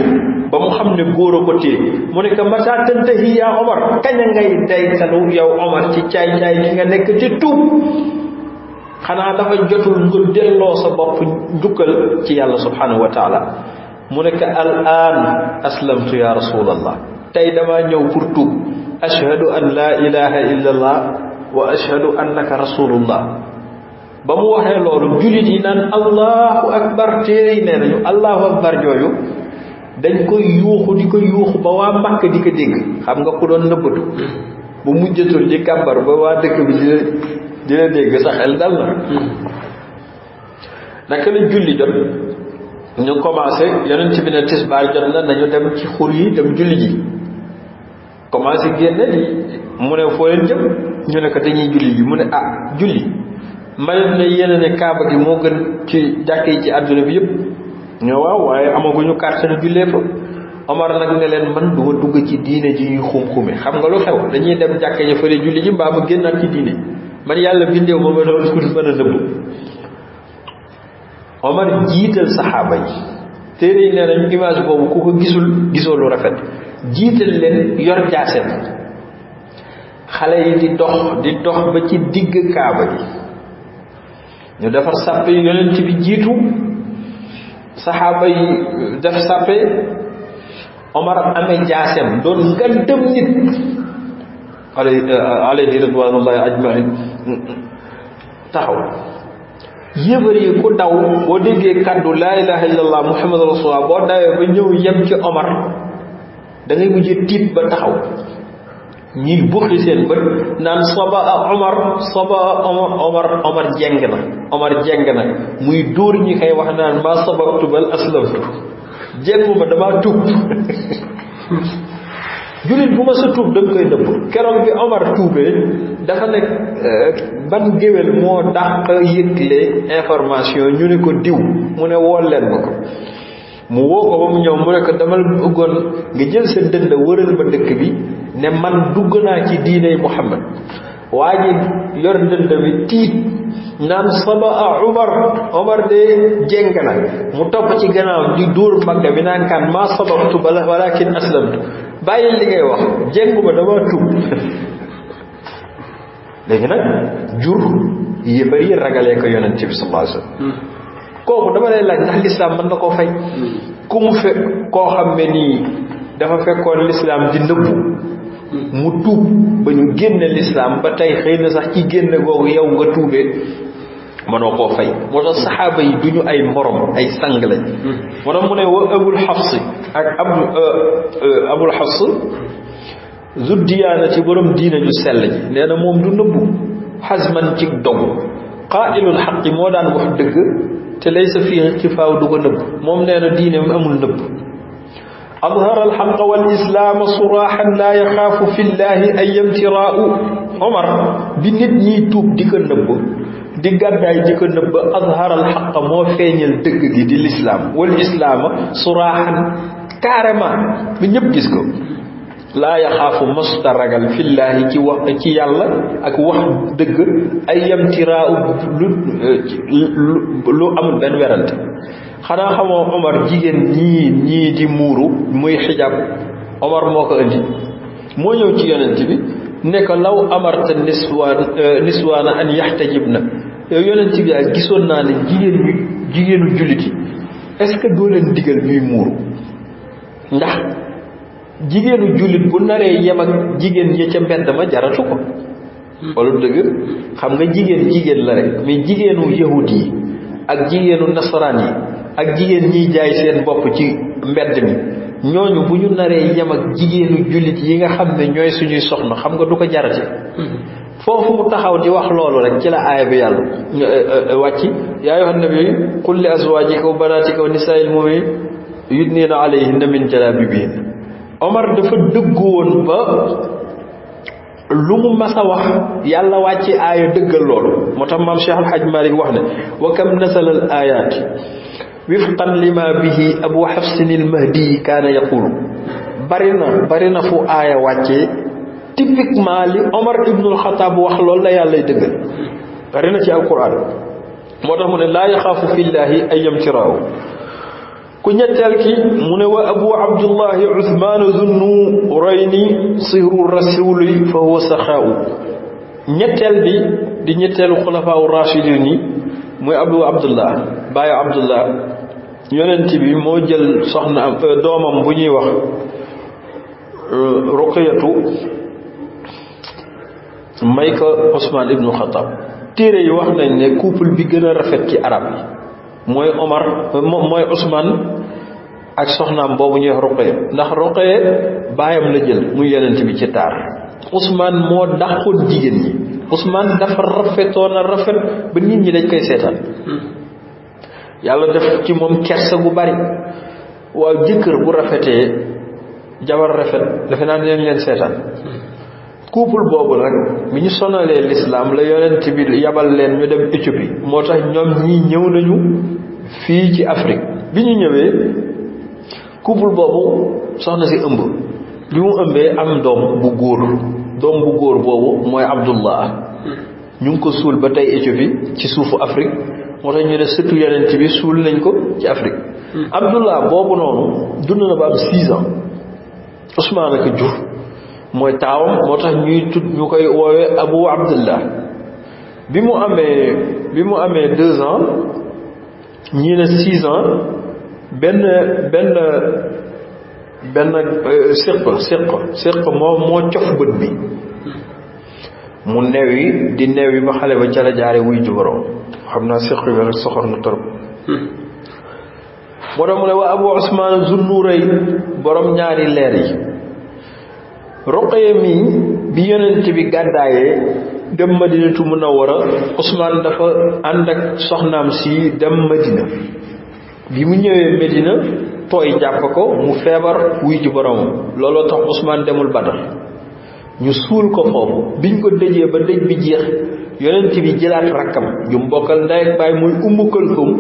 ba mu xam ne góor a ko téye mu ne ka mata tantahi yaa Omar kañ ngay daytalu yow Omar ci caay-caay ki nga nekk ci tuub xanaa dafa jotul nga delloo sa bopp njukkal ci yàlla subhanahu wa taala mu ne ko al aan aslamtu ya rasulallah tey dama ñëw pour tuub ashhadu an laa ilaha illa allah wa ashhadu annaka rasulullah ba mu waxee loolu julit yi naan allahu akbar téere yi nañu allahu akbar jooju dañ koy yuuxu di ko yuuxu ba waa Màkka di ko dégg xam nga ku doon nëbbatu bu mujjatul di kàbbar ba waa dëkk bi di la di la dégg sa xel dal na naka la julli jot ñu commencé yonent bi ne tisbaar jot na nañu dem ci xur yi dem julli ji commencé génne mu ne foo leen jëm ñu ne ko dañuy julli ji mu ne ah julli ma leen ne kaaba gi moo gën ci jàkk yi ci àdduna bi yëpp ñoo waaw waaye amaguñu kàttanu jullee fa Omar nag ne leen man duma dugg ci diine ji ñuy xum-xume xam nga lu xew dañuy dem jàkka ja fële julli ji mbaa ma génnaat ci diine man yàlla bindeew ma ma doon kun mën a nëbb Omar jiital saxaaba yi téere yi nee nañu image boobu ku ko gisul gisoo lu rafet jiital leen yor jaaseen xale yi di dox di dox ba ci digg kaaba ji ñu defar sàpp yi yonent jiitu saxaaba yi def sàppe Omar amee jaasem doon gàddam nit alayhi euh, taxaw yébar ku daw boo déggee kàddu laa ilaha illallah muhammadu rasulullah boo dawee ba ñëw yem ci Omar da ngay tiit ba taxaw ñuy buxli seen bët naan soba a omar soba a omar omar jeng na omar jeng na muy dóor ñi koy wax naan maa sababtu bal aslamtu jenguma damaa tuub <laughs> jullit bu ma sa tuub da koy nëbb keroog bi Omar tuubee dafa nekk eh, ban géwél moo dàq yëgle information ñu ne ko diw mu ne wool ma ko mu woo ko mu ñëw mu ne ko dama bëggoon nga jël sa dënd wëral ma dëkk bi ne man dugg naa ci diiney Muhammad waa ji yor dënd bi tiit naan saba a Umar Umar de na mu topp ci ganaaw di dóor mbagg bi naan kaan maa sababtu bala walakin aslamtu bàyyi li ngay wax jéngu ma dama tuub <laughs> léegi nag jur yëbër yi ragalee ko yonent bi sallallahu alayhi kooku dama lay laaj ndax lislaam mën na koo fay ku mu fekk koo xam ne nii dafa fekkoon lislaam di nëbbu mu tuub ba ñu génne lislaam ba tey xëy na sax ci génne googu yow nga tuubee mënoo koo fay moo tax saxaaba yi duñu ay morom ay sang lañ moo mu ne wa abul xafs ak ab euh, euh, abul xafs zuddiyaana ci borom diina ju sell ji nee na moom du nëbbu xasman ci dogu qaailul xaqi moo daan wax dëgg te laysa fii xifaaw du ko nëbb moom nee na diine mi amul nëbb adhara alxaqa walislaama suraaxan laa yaxaafu fi llaahi an yamtiraau omar bi nit ñiy tuub di ko nëbb di gàddaay di ko nëbb azhara alxaqa moo feeñal dëgg gi di lislaam wal islaama suraaxan carrément bi ñëpp gis ko laa yaxaafu mosta ragal fillaahi ci wax ci yàlla ak wax dëgg ay yamtiraaw lu lu amul benn werante xanaa xamoo Omar jigéen ñii ñii di muuru muy xijaab Omar moo ko indi moo ñëw ci yonent bi ne law amarta niswaan niswaana an yaxtajib na yow yonent bi ak gisoon naa ne jigéen ñu jigéenu jullit yi est doo leen digal ñuy muuru ndax jigéenu jullit bu naree yem ak jigéen ya ca mbedd ma jaratu ko lu dëgg xam nga jigéen jigéen la rek mais jigéenu yahud yi ak jigéenu nasaraan yi ak jigéen ñi jaay seen bopp ci mbedd mi ñooñu bu ñu naree yem ak jigéenu jullit yi nga xam ne ñooy suñuy soxna xam nga du ko jarate foofu mu taxaw di wax loolu rek ci la aaya bi yàlla euh, euh, euh, wàcc yaa ayyuhan nabiyyu qul li azwaajika wa banaatika wa nisaa'il mu'miniina yudniina alayhinna min jalaabiibihinna Omar dafa dëggu woon ba lu mu mas a wax yàlla wàcce aaya dëggal loolu moo tax maam Cheikh Al Hadj wax ne wa kam nasala al ayat wifqan lima bihi abu xafsin al kaana yaqulu bari na bari na fu aaya wàccee typiquement li Omar ibnul Xataab wax loolu la yàlla dëggal bari na ci alquran moo tax mu ne laa yaxaafu fillahi ay yamtiraawu ku ñetteel ki mu ne wa abu abdullahi usmaanu zunnu rayni sihru rasuli fa huwa saxaau ñetteel bi di ñetteelu xulafaawu rachidin yi muy abu abdullah baayu abdullah yonent bi moo jël soxna doomam bu ñuy wax ruqiyatu may ko Ousmane ibnu Xattaab téere yi wax nañ ne couple bi gën a rafet ci arab mooy Omar mooy Ousmane ak soxnaam boobu ñuy wax Ruqayya ndax Ruqayya baayam la jël muy yenent bi ci taar Ousmane moo dàqoon jigéen ñi Ousmane dafa rafetoon rafet ba nit ñi dañ koy seetaan yàlla def ci moom kersa gu bari waaw jëkkër bu rafetee jabar rafet defe naa ne leen leen seetaan couple boobu nag bi ñu sonalee l'islam la yonent bi yebal leen ñu dem Éthiopie moo tax ñoom ñii ñëw nañu fii ci Afrique bi ñu ñëwee couple boobu soxna si ëmb bi mu ëmbee am doom bu góor doom bu góor boobu mooy Abdullah ñu ngi ko suul ba tey Éthiopie ci suufu Afrique moo tax ñu ne surtout yonent bi suul nañ ko ci Afrique hmm. Abdullah boobu noonu dund na ba am six ans Ousmane ak Diouf mooy taawam moo tax ñuy tudd ñu koy woowee Abu Abdullah bi mu amee bi mu amee deux ans ñii ne six ans benn benn benn euh, séq séq séq moo moo cof bët bi mu new yi di new newi ba xale ba cala jaare wuy ji borom xam naa séq bi rek soxor na torop hmm. moo tax mu ne waa Abu Usmaan Zunnurey borom ñaari leer yi Ruqayya mii bi yonent bi gàddaayee dem Madinatu Munawwara Usmaan dafa ànd ak soxnaam si dem Madina bi mu ñëwee Madina tooy jàpp ko mu feebar wuy ji boroomam looloo tax Usmaan demul Badar ñu suul ko foofu biñ ko dëjee ba dëj bi jeex yonent bi jëlaat rakkam ju mbokkal ndey ak baay muy Ummu Kulsum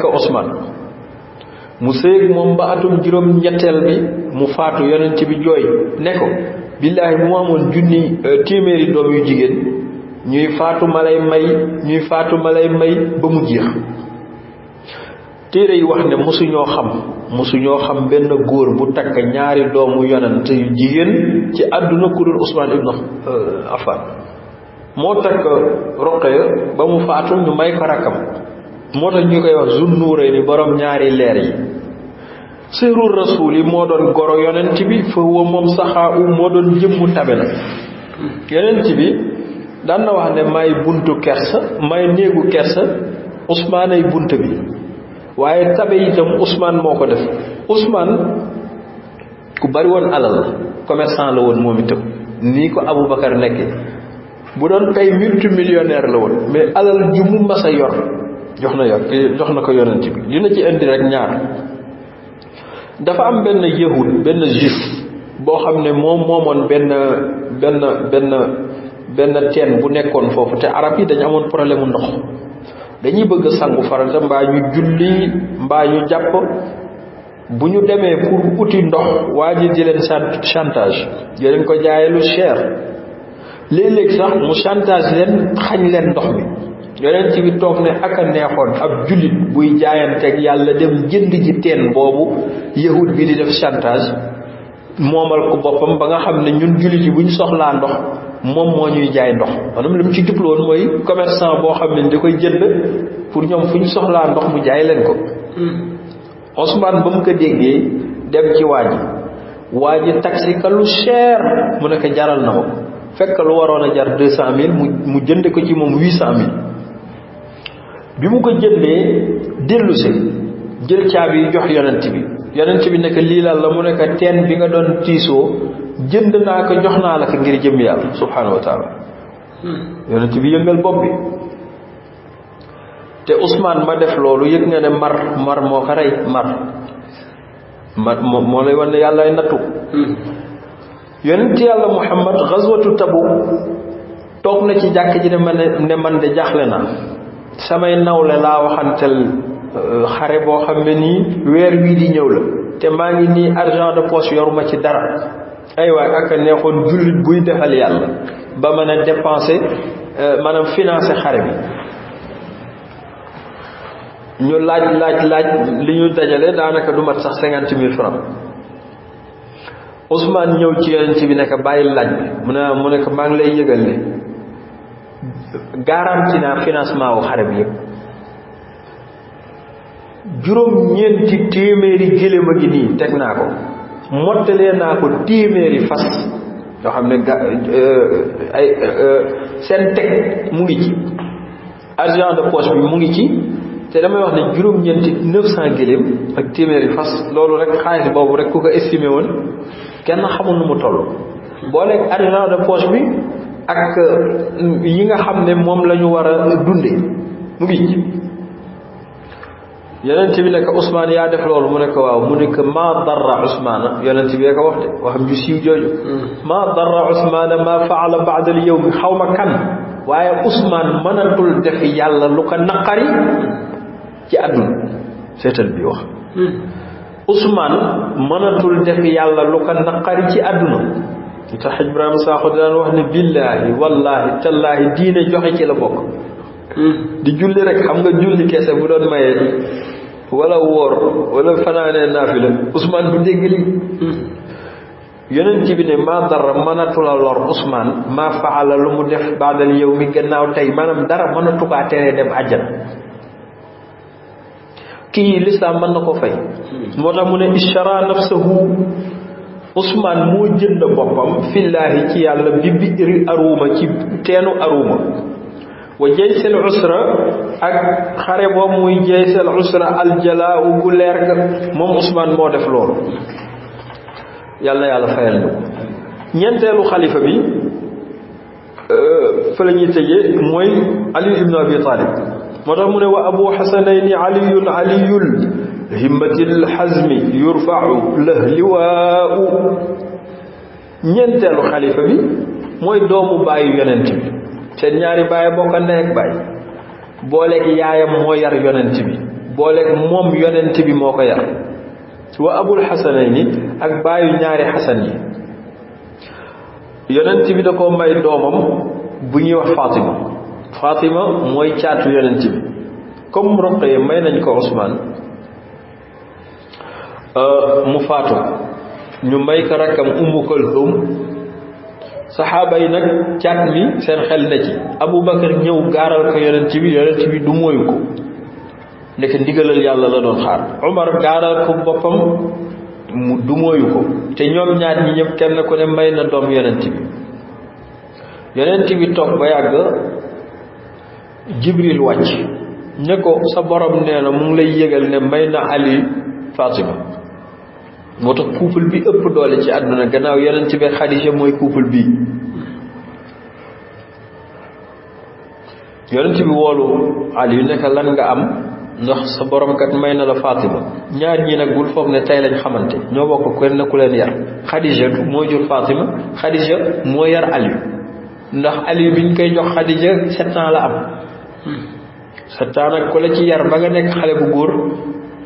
ko Usmaan mu sëyeg moom ba atum juróom ñetteel bi mu faatu yonent bi jooy ne ko billaahi bu mu amoon junni euh, téeméeri doom yu jigéen ñuy faatu ma lay may faatu ma may ba mu jeex téere yi wax ne mosuñoo xam mosuñoo xam benn góor bu takk ñaari doomu yonent yu jigéen ci àdduna ku dul Usmaan ibnu euh, Affaan moo takk Roqaya ba mu faatu ñu may ko rakkam moo tax ñu koy wax zunnuure ni borom ñaari leer yi sirru rasul yi moo doon goro yonent bi fa huwa moom saxaa u moo doon jëmmu tabe la yonent bi daan na wax ne may buntu kersa may néegu kersa Ousmane ay bunt bi waaye tabe itam Ousmane moo ko def Ousmane ku bari woon alal la commerçant la woon moom itam nii ko Aboubacar nekkee bu doon tey multimillionnaire la woon mais alal ju mu mas yor jox na yàgg jox na ko yonent bi dina ci indi rek ñaar dafa am benn yahud benn juif boo xam ne moom moomoon benn benn benn benn teen bu nekkoon foofu te arab yi dañu amoon problème ndox dañuy bëgg sangu farata mbaa ñu julli mbaa ñu jàpp bu ñu demee pour uti ndox waa ji di leen chantage di leen ko jaaye lu cher léeg-léeg sax mu chantage leen xañ leen ndox mi yonent bi toog ne ak a neexoon ab jullit buy jaayanteeg yàlla dem jënd ji teen boobu yahud bi di def chantage moomal ko boppam ba nga xam ne ñun jullit yi bu ñu soxlaa ndox moom moo ñuy jaay ndox maanaam li mu ci jublu woon mooy commerçant boo xam ne da koy jënd pour ñoom fu ñu soxlaa ndox mu jaay leen ko hmm. Ousmane ba mu ko déggee dem ci waa ji waa ji taxi lu cher mu ne jaral na ko fekk lu waroon a jar deux cent mille mu mu jënd ko ci moom huit cent mille bi mu ko jëndee dellusi jël caabi yi jox yonent bi yonent bi nekk lii la mu nekk teen bi nga doon tiisoo jënd naa ko jox naa la ko ngir jëm yàlla subhaanahu wa taala hmm. yonent bi yëngal bopp bi te Ousmane ma def loolu yëg nga ne mar mar moo ko rey mar ma moo lay wan ne yàlla ay nattu hmm. yonent yàlla muhammad xaswatu Tabuk toog na ci jàkk ji ne man ne man de jaaxle na samay nawle laa waxantel euh, xare boo xam ne nii weer wii di ñëw la te maa ngi nii argent de poche yoruma ci dara ay waay ak a neexoon jullit buy defal yàlla ba mën a dépenser euh, maanaam financer xare bi ñu laaj laaj laaj li ñu dajale daanaka du mat sax cinquante mille francs Ousmane ñëw ci yonent bi ne ko bàyyi laaj bi mu ne mu nekk maa ngi lay yëgal ne garanti naa financement wu xare bi yëpp juróom-ñeenti téeméeri gëléem a gi nii teg naa ko mottalee naa ko téeméeri fas yoo xam ne ga euh, euh, ay euh, seen teg mu ngi ci argent de poche bi mu ngi ci te damay wax ne juróom-ñeenti neuf cent gëléem ak téeméeri fas loolu rek xaalis boobu rek ku ko estimé kenn xamul nu mu toll booleeg argent de poche bi ak euh, yi nga xam ne moom la ñu war a dunde mu ngi ci yonent bi nekk Ousmane yaa def loolu mu ne ko waaw mu ne ko maa darra Ousmane yonent bi ko wax de waxam ju siiw jooju hmm. maa darra Ousmane maa faala baada al yawmi xaw kan waaye Ousmane mënatul def yàlla lu ko naqari hmm. ci àdduna seetal bi wax hmm. Ousmane mënatul def yàlla lu ko naqari ci àdduna lu tax Ibrahima Sakho daan wax ne billaahi wallaahi tallaahi diine joxe ci la bokk hmm. di julli rek xam nga julli kese bu doon mayee wala woor wala fanaanee naafila Ousmane bu dégg lii hmm. yonent bi ne maa dara mënatu lor Ousmane maa faala lu mu def baadal yow mi gannaaw tey maanaam dara mënatu kaa dem àjjana kii lislaam mën na koo fay moo tax mu ne ishara nafsahu Ousmane moo jënd boppam fillaahi ci yàlla bi biiri aruuma ci teenu aruuma wa jaysel usra ak xare boobu muy jaysel usra aljalaawu gu leer ga moom Ousmane moo def loolu yàlla yàlla fayal ñu ñeenteelu xalifa bi euh, fa la ñuy mooy Ali ibnu Abi Talib moo tax mu ne wa abu xasanayni aliyun aliyul himmatil xazmi la lah liwaau ñeenteelu xalifa bi mooy doomu baayu yonent bi seen ñaari baay bokk nekk baay booleeg yaayam moo yar yonent bi booleeg moom yonent bi moo ko yar wa abul xasanayni ak baayu ñaari xasan yi yonent bi da ko may doomam bu ñuy wax Fatima Fatima mooy caatu yonent bi comme Roqaya may nañ ko Ousmane euh, mu faatu ñu may ko rakkam Ummu Kulthum saxaaba yi nag caat mi seen xel na ci Abubakar ñëw gaaral ko yonent bi yonent bi du mooyu ko nekk ndigalal yàlla la doon xaar Umar gaaral ko boppam mu du mooyu ko te ñoom ñaar ñi ñëpp kenn ku ne may na doom yonent bi yonent bi toog ba yàgg jibril wàcc ne ko sa borom nee na mu ngi lay yëgal ne may na ali fatima moo tax couple bi ëpp doole ci àdduna gannaaw yeneen ci bi xadija mooy couple bi yonent bi woolu ali yu nekk lan nga am ndax sa borom kat may na la fatima ñaar ñi nag bul foog ne tey lañ xamante ñoo bokk kenn ku leen yar xadija moo jur fatima xadija moo yar ali ndax ali biñ koy jox xadija sept la am sattaa nag ku la ci yar ba nga nekk xale bu góor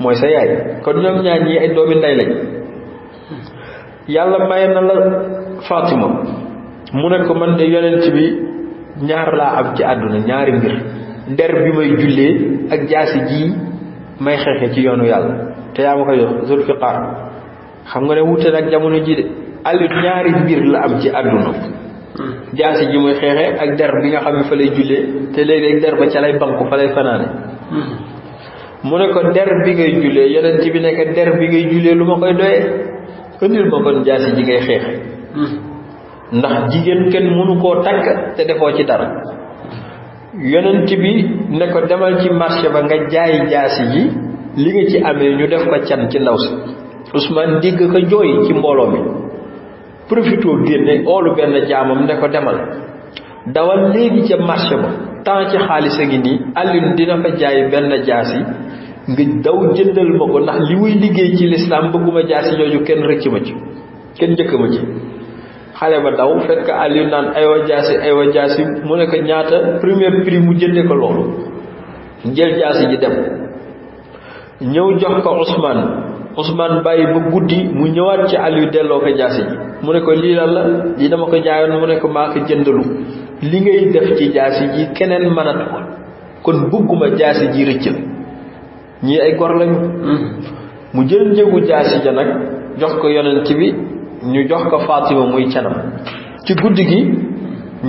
mooy sa yaay kon ñoom ñaar ñi ay doomi ndey lañ yàlla maye na la Fatima mu ne ko man de yonent bi ñaar laa am ci àdduna ñaari mbir der bi may jullee ak jaasi ji may xeexe ci yoonu yàlla te yaa ma ko jox zulfiqaar xam nga ne wute nag jamono ji de alit ñaari mbir la am ci àdduna jaasi ji muy xeexee ak der bi nga xam ne fa lay jullee te léeg-léeg der ba ca lay banku fa lay fanaane mu ne ko der bi ngay jullee yonent bi nekk der bi ngay jullee lu ma koy doyee indil ma kon jaasi ji ngay xeex ndax jigéen kenn mënu koo takk te defoo ci dara yonent bi ne ko demal ci marché ba nga jaay jaasi ji li nga ci amee ñu def ko can ci ndaw si Ousmane digg ko jooy ci mbooloo mi profitoo génne oolu benn jaamam ne ko demal dawal léegi ca marché ba temps ci xaalis ngi nii Alioune dina fa jaay benn jaasi ngi daw jëndal ma ko ndax li muy liggéey ci lislaam bëgguma jaasi jooju kenn rëcc ma ci kenn njëkk ma ci xale ba daw fekk Alioune naan aywa jaasi aywa jaasi mu ne ko ñaata premier prix mu jënde ko loolu jël jaasi ji dem ñëw jox ko Ousmane Ousmane bàyyi ba guddi mu ñëwaat ci Aliou delloo ko jaasi ji mu ne ko lii lan lii dama ko jaayoon mu ne ko maa ko jëndalu li ngay def ci jaasi ji keneen mënatu ko kon bëgguma jaasi ji rëccal ñii ay gor lañu mu jël njëgu jaasi ja nag jox ko yonent bi ñu jox ko Fatima muy canam ci guddi gi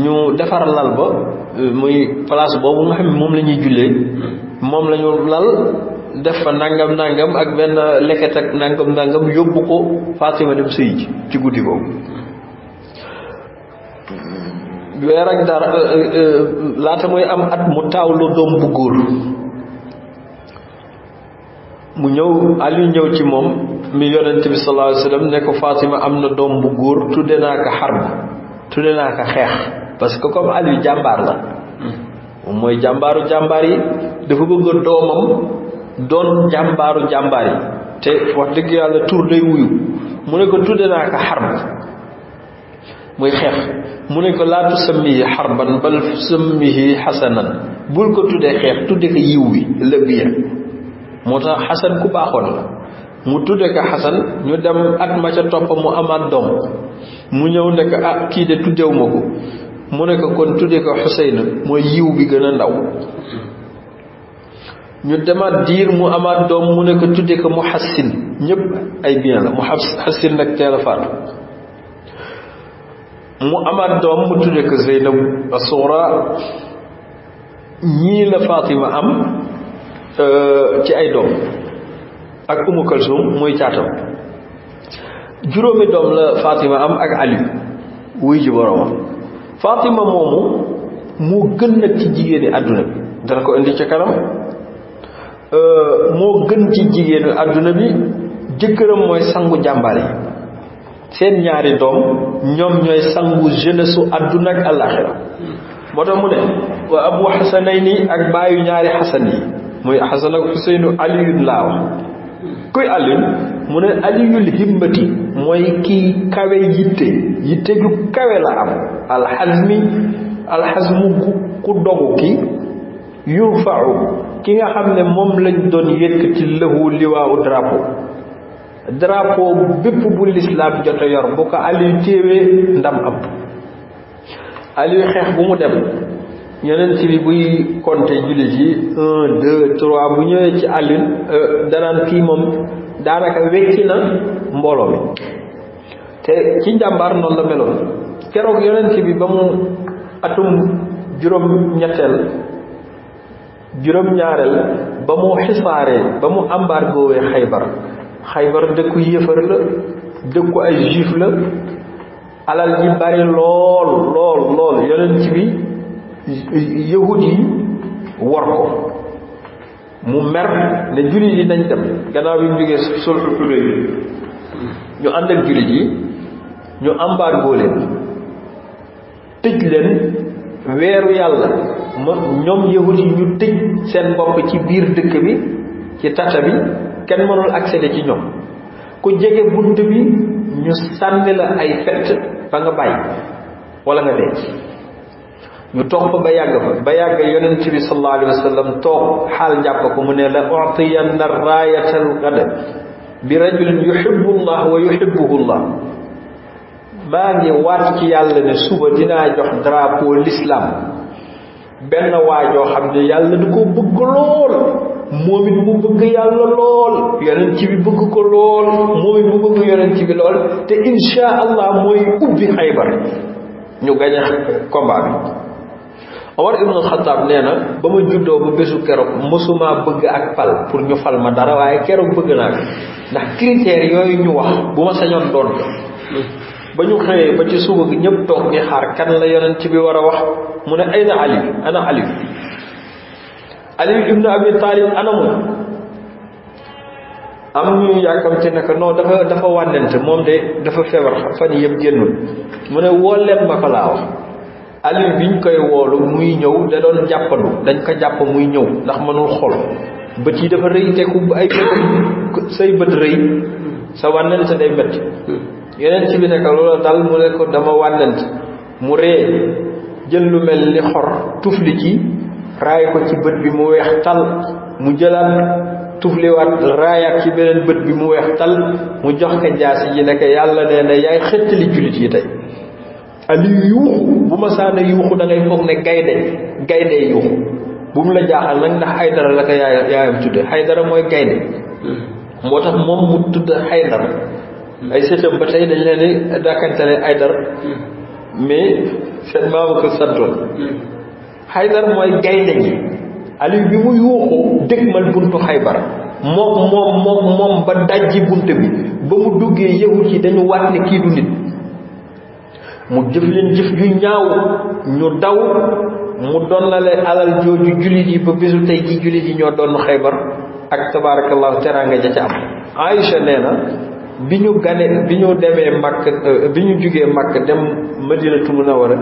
ñu defar lal ba muy place boobu nga xam moom la ñuy jullee moom la lal def fa nangam nangam ak benn leket ak nangam nangam yóbbu ko Fatima dem sëy ji ci guddi boobu weer ak dara euh, euh, euh, laata muy am at mu taaw taawlu doom bu góor mu ñëw Aliou ñëw ci moom mi yonent bi sallallahu alayhi wa sallam ne ko Fatima am na doom bu góor tudde naa ko xarb tudde naa ko xeex parce que comme Aliou jàmbaar la hmm. mooy jàmbaaru jàmbaar yi dafa bëgg doomam doon jàmbaaru jàmbaar yi te wax dëgg yàlla turde day wuyu mu ne ko tudde naa ko xarb muy xeex mu ne ko laa tusammihi xarban bal sammihi xasanan bul ko tuddee xeex tudde ko yiw wi lëbb ya moo tax xasan ku baaxoon la mu tudde ko xasan ñu dem at ma ca topp mu amaat doom mu ñëw ne ko ah kii de tuddew ko mu ne ko kon tudde ko xuseyna mooy yiw bi gën a ndaw ñu demaat diir mu amaat doom mu nekk ko tudde ko mu xassin ñépp ay bien la mu xassin nag teel a mu amaat doom mu tudde ko Zeynab asura ñii la Fatima am euh, ci ay doom ak Umu Kalsum muy caatam juróomi doom la Fatima am ak Ali wuy ji boromam moomu moo gën nag ci jigéeni àdduna bi dana ko indi ca kanam Euh, moo gën ci jigéenu àdduna bi jëkkëram mooy sangu jàmbare seen ñaari doom ñoom ñooy sangu jeunesse su àdduna ak àllaaxira moo tax mu ne wa abu xasanayni ak baayu ñaari xasan yi muy xasan ak xuseynu aliyun laa wax kuy aliyun mu ne aliyul himmati mooy kii kawe yitte yitte ju kawe la am alxasmi alxasmu ku dogu ki yurfau ki nga xam ne moom lañ doon yëkkati lëhu liwaawu drapeau drapeau bépp bu lislaam jot a yor bu ko Aliou téewee ndam am Aliou xeex bu mu dem yonent bi buy compter jullit yi un trois bu ñëwee ci Aliou euh, danaan kii moom daanaka wecci na mbooloo mi te ci njàmbaar noonu la meloon keroog yonent bi ba mu atum juróom ñetteel juróom-ñaareel ba mu xisaaree ba mu embargoowee xaybar xaybar dëkku yéefar la dëkku ay juif la alal ji bari lool lool lool yonent bi yahud yi war ko mu mer ne jullit yi nañ dem gannaaw bi mu jógee sulxu Hudaybiya bi ñu ànd jullit yi ñu embargo leen tëj leen weeru yàlla ma ñoom yahut yi ñu tëj seen bopp ci biir dëkk bi ci tata bi kenn mënul accéder ci ñoom ku jege bunt bi ñu sànni la ay fett ba nga bàyyi wala nga denc ñu toog ba yàgg fa ba yàgg yonent bi sallallahu alayhi wa sallam toog xaal njàpp ko mu ne la utiyanna raayatal gada bi rajulin yuhibbu llah wa yuhibbuhu llah maa ngi waat ci yàlla ne suba dinaa jox drapeau l'islam benn waajoo xam ne yàlla du ko bëgg lool moom it mu bëgg yàlla lool yonent bi bëgg ko lool moom it mu bëgg yonent bi lool te insha allah mooy ubbi xaybar ñu gañe combat bi Omar ibn Xattaab nee ba ma juddoo ba bésu keroog mësuma bëgg ak pal pour ñu fal ma dara waaye keroog bëgg naa ko ndax critères yooyu ñu wax bu ma sañoon doon ba ñu xëyee ba ci suba gi ñëpp toog di xaar kan la ci bi war a wax mu ne ayna ali ana ali ali ibnu abi taalib ana mu am ñu yàkkamte ne ko non dafa dafa wànnante moom de dafa feebar fan yëpp génnul mu ne woo leen ma ko laa wax ali biñ koy woolu muy ñëw da doon jàppandu dañ ko jàpp muy ñëw ndax mënul xool bët yi dafa rëy te ku ay bët say bët rëy sa wànnante day metti yonent bi ne ko loola dal mu ne ko dama wànnant mu ree jël lu mel ni xor tufli ci raay ko ci bët bi mu weex tal mu jëlaat tufliwaat raayaat ci beneen bët bi mu weex tal mu jox ko jaasi ji ne yàlla nee na yaay xëttali jullit yi tey aliyu yuuxu bu ma saana yuuxu da foog ne gaynde gaynde yuuxu bu mu la jaaxal nag ndax Aydara la ko yaay yaayam tudde Aydara mooy gaynde moo tax moom mu tudd Aydara ay sëtam ba tey dañ leen di dàkkantale Haydar mais seen maamu ko santoon Haydar mooy gaynde gi Aliou bi mu yuuxu dëgmal buntu Xaybar moom moom moom moom ba dajji bunt bi ba mu duggee yahut yi dañu waat ne kii du nit mu jëf leen jëf yu ñaaw ñu daw mu donnale alal jooju jullit yi ba bisu tey jullit yi ñoo doon xaybar ak tabaarakallahu teraanga ja ca am Aïcha nee bi ñu gane bi ñu demee màkk euh, bi ñu jugee màkk dem madinatu munawara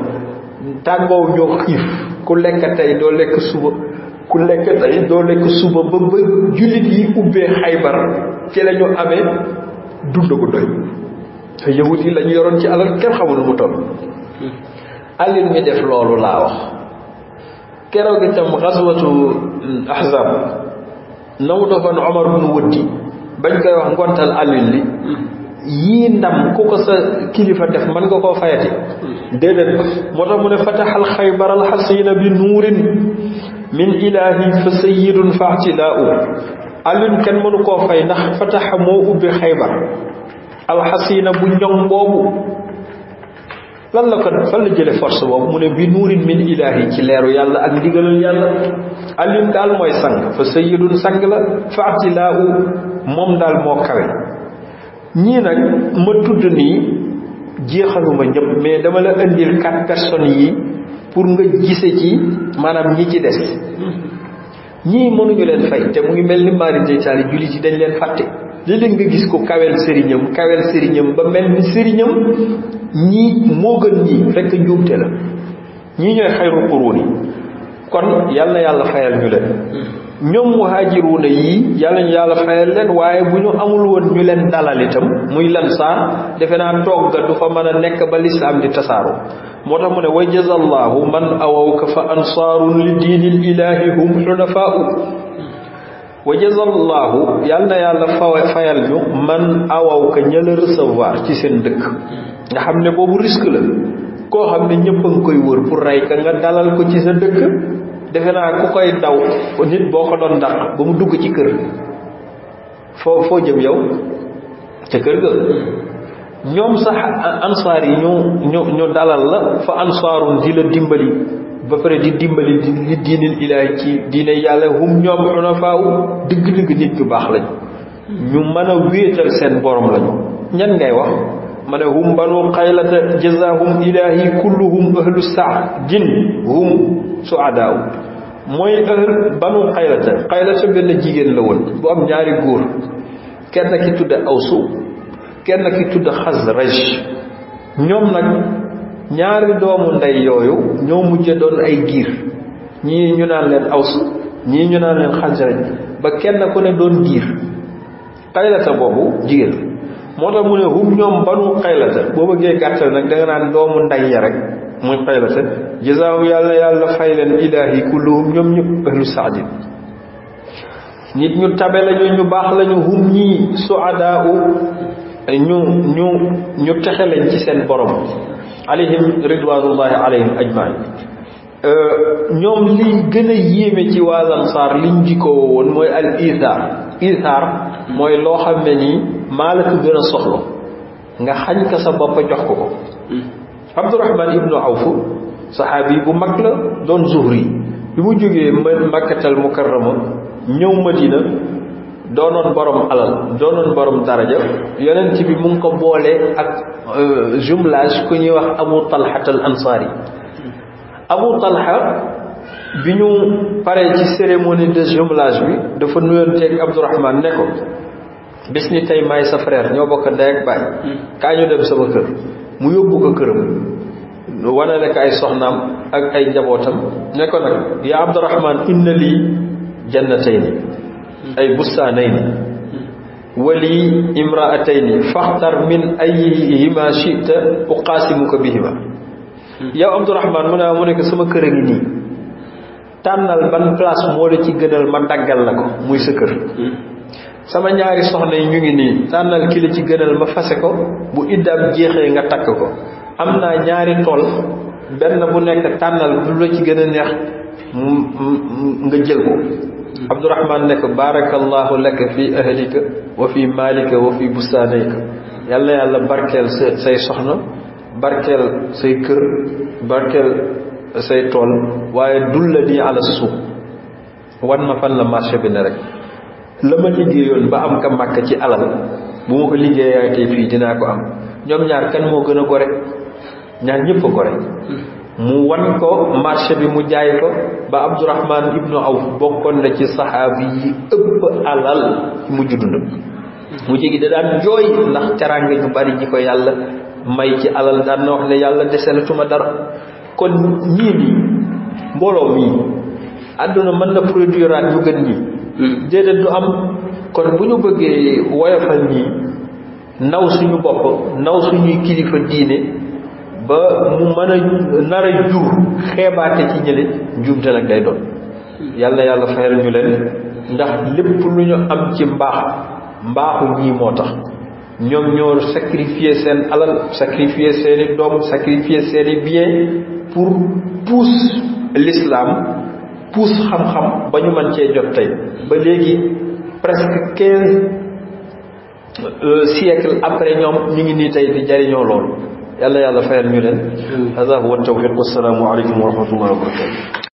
tàngoow ñoo xiif ku lekk tey doo lekk suba lekk tey doo lekk suba ba ba jullit yi ubbee xaybar ci la ñu amee dund gu doy te yi la ñu yoroon ci alal kenn xamul mu toll alin mi def loolu laa wax keroog itam xaswatu ahzab na mu doxoon omar bnu wëddi bañ koy wax ngontal allin li yii ndam ku ko sa kilifa def mën nga koo fayati déedéet moo tax mu ne fataxal xaybar alxasina bi nuurin min ilahi fa sayidun faxtilaau allin kenn mënu koo fay ndax fataxa moo ubbi xaybar alxasina bu ñoŋ boobu lan la ko fan la jële force boobu mu ne bi nuurin min ilaahi ci leeru yàlla ak ndigalal yàlla alim daal mooy sang fa sayyidun sang la fa abtilaahu moom daal moo kawe ñii nag ma tudd nii jeexaluma ñëpp mais dama la indil quatre personnes yi pour nga gise ci maanaam ñi ci des ñii mënuñu leen fay te mu ngi mel ni mari d'Italie julli ci dañ leen fàtte léeg-léeg nga gis ko kawel sëriñam kawel sëriñam ba mel ni sëriñam ñii moo gën ñii fekk njuumte la ñii ñooy xayru quruuni kon yal na yàlla fayal ñu leen ñoom muhaajiruuna yii yàlla fayal leen waaye bu ñu amul woon ñu leen dalal itam muy lan saar defe naa toog ga du fa mën a nekk ba lislaam di tasaaro moo tax mu ne wa jazallahu man awawka fa ansaarun li diinil ilaahi hum xunafaau wa jazallahu yal na yàlla fawe fayal ñu man awaw ka ña la ci seen dëkk nga xam ne boobu risque la koo xam ne ñëpp a koy wër pour rey ka nga dalal ko ci sa dëkk defe naa ku koy daw nit boo ko doon dàq ba mu dugg ci kër foo foo jëm yow ca kër ga ñoom sax ansaar yi ñu ñu ñu dalal la fa ansaarun di la dimbali ba pare di dimbali di diinil ilaahi ci diine yàlla hum ñoom unafaaw dëgg-dëgg nit ñu baax lañu ñu mën a seen borom lañu ñan ngay wax ma ne hum banu xaylata jazaahum ilaahi kulluhum ahlu saa jin hum suadaaw mooy ahlu banu xaylata xaylata benn jigéen la woon bu am ñaari góor kenn ki tudda awsu kenn tudd tudda xasraj ñoom nag ñaari doomu ndey yooyu ñoo mujje doon ay giir ñii ñu naan leen aws ñii ñu naan leen xasraj ba kenn ku ne doon giir xaylata boobu jigéen moo tax mu ne hum ñoom banu xaylata boo bëggee gàttal nag danga naan doomu ndey ya rek muy xaylata jazaahum yàlla yàlla fay leen ilaahi kulluhum ñoom ñëpp ahlu saadin nit ñu tabe lañu ñu baax lañu hum ñii suadaa u ñu ñu ñu texe lañ ci seen borom alayhim ridwanullahi alayhim ajmain euh, ñoom liy gën a yéeme ci waa Ansaar liñ jikkoo woon mooy al isaar isaar mooy loo xam ne nii maa la ko gën a soxla nga xañ ko sa bopp jox ko ko Abdurahman ibnu Awf saxaabi bu mag la doon zuhri bi mu jógee Makkatal Mukarrama ñëw ma Madina doonoon borom alal doonoon borom daraja yonent bi mu ngi ko boole ak euh, jumelage ku ñuy wax abu talha al yi abu talha bi ñu paree ci cérémonie de jumelage bi dafa nuyonteeg abdourahman ne ko bis ni tey maay sa frère ñoo bokk ndey ak baay kaa ñu dem sama kër mu yóbbu ko këram wanale ko ay soxnaam ak ay njabootam ne ko nag yaa abdourahman inna lii jannatayni ay bustaanayni wali imraatayni faxtar min ayihima chita uqaasimuka bihima yow Abdourahman mu ne mu nekk sama kër a ngi nii tànnal ban place moo la ci gënal ma daggal la ko muy sa kër sama ñaari soxna yi ñu ngi nii tànnal ki la ci gënal ma fase ko bu iddaam jeexee nga takk ko am naa ñaari tool benn bu nekk tànnal bu la ci gën a neex nga jël ko Abdourahman ne ko barakallahu laka fi ahlika wa fi maalika wa fi bustaanayka yàlla yàlla barkeel say say soxna barkeel say kër barkeel say tool waaye dulla nii ala suuq wan ma fan la marché bi ne rek la ma liggéeyoon ba am ka màkk ci alal bu ma ko liggéeyaatee fii dinaa ko am ñoom ñaar kan moo gën a gore ñaar ñëpp a gore mu wan ko marché bi mu jaay ko ba abdourahman ibnu awf bokkoon na ci saxaabi yi ëpp alal mu mujj dund mu jégi da daan jooy ndax teraanga ju bari ji ko yàlla may ci alal daan na wax ne yàlla deselatuma dara kon ñii nii mbooloo mii àdduna mën na produire at gën ñi déedéet du am kon bu ñu bëggee woyofal ñii naw suñu bopp naw suñuy kilifa diine ba mu mën a nar a jur xeebaate ci ñële njuumte nag day doon yàlla yàlla fayal ñu leen ndax lépp lu ñu am ci mbaax mbaaxu ñii moo tax ñoom ñoo sacrifier seen alal sacrifier seen i doom sacrifier seen bien pour pousse l'islam pousse xam-xam ba ñu mën cee jot tey ba léegi presque quinze euh, siècle après ñoom ñu ngi nii tey di jariñoo loolu yàlla yàlla fayal ñu leen hada huwa tawfiq wassalaamu aleykum wa rahmatullahi wa barakatu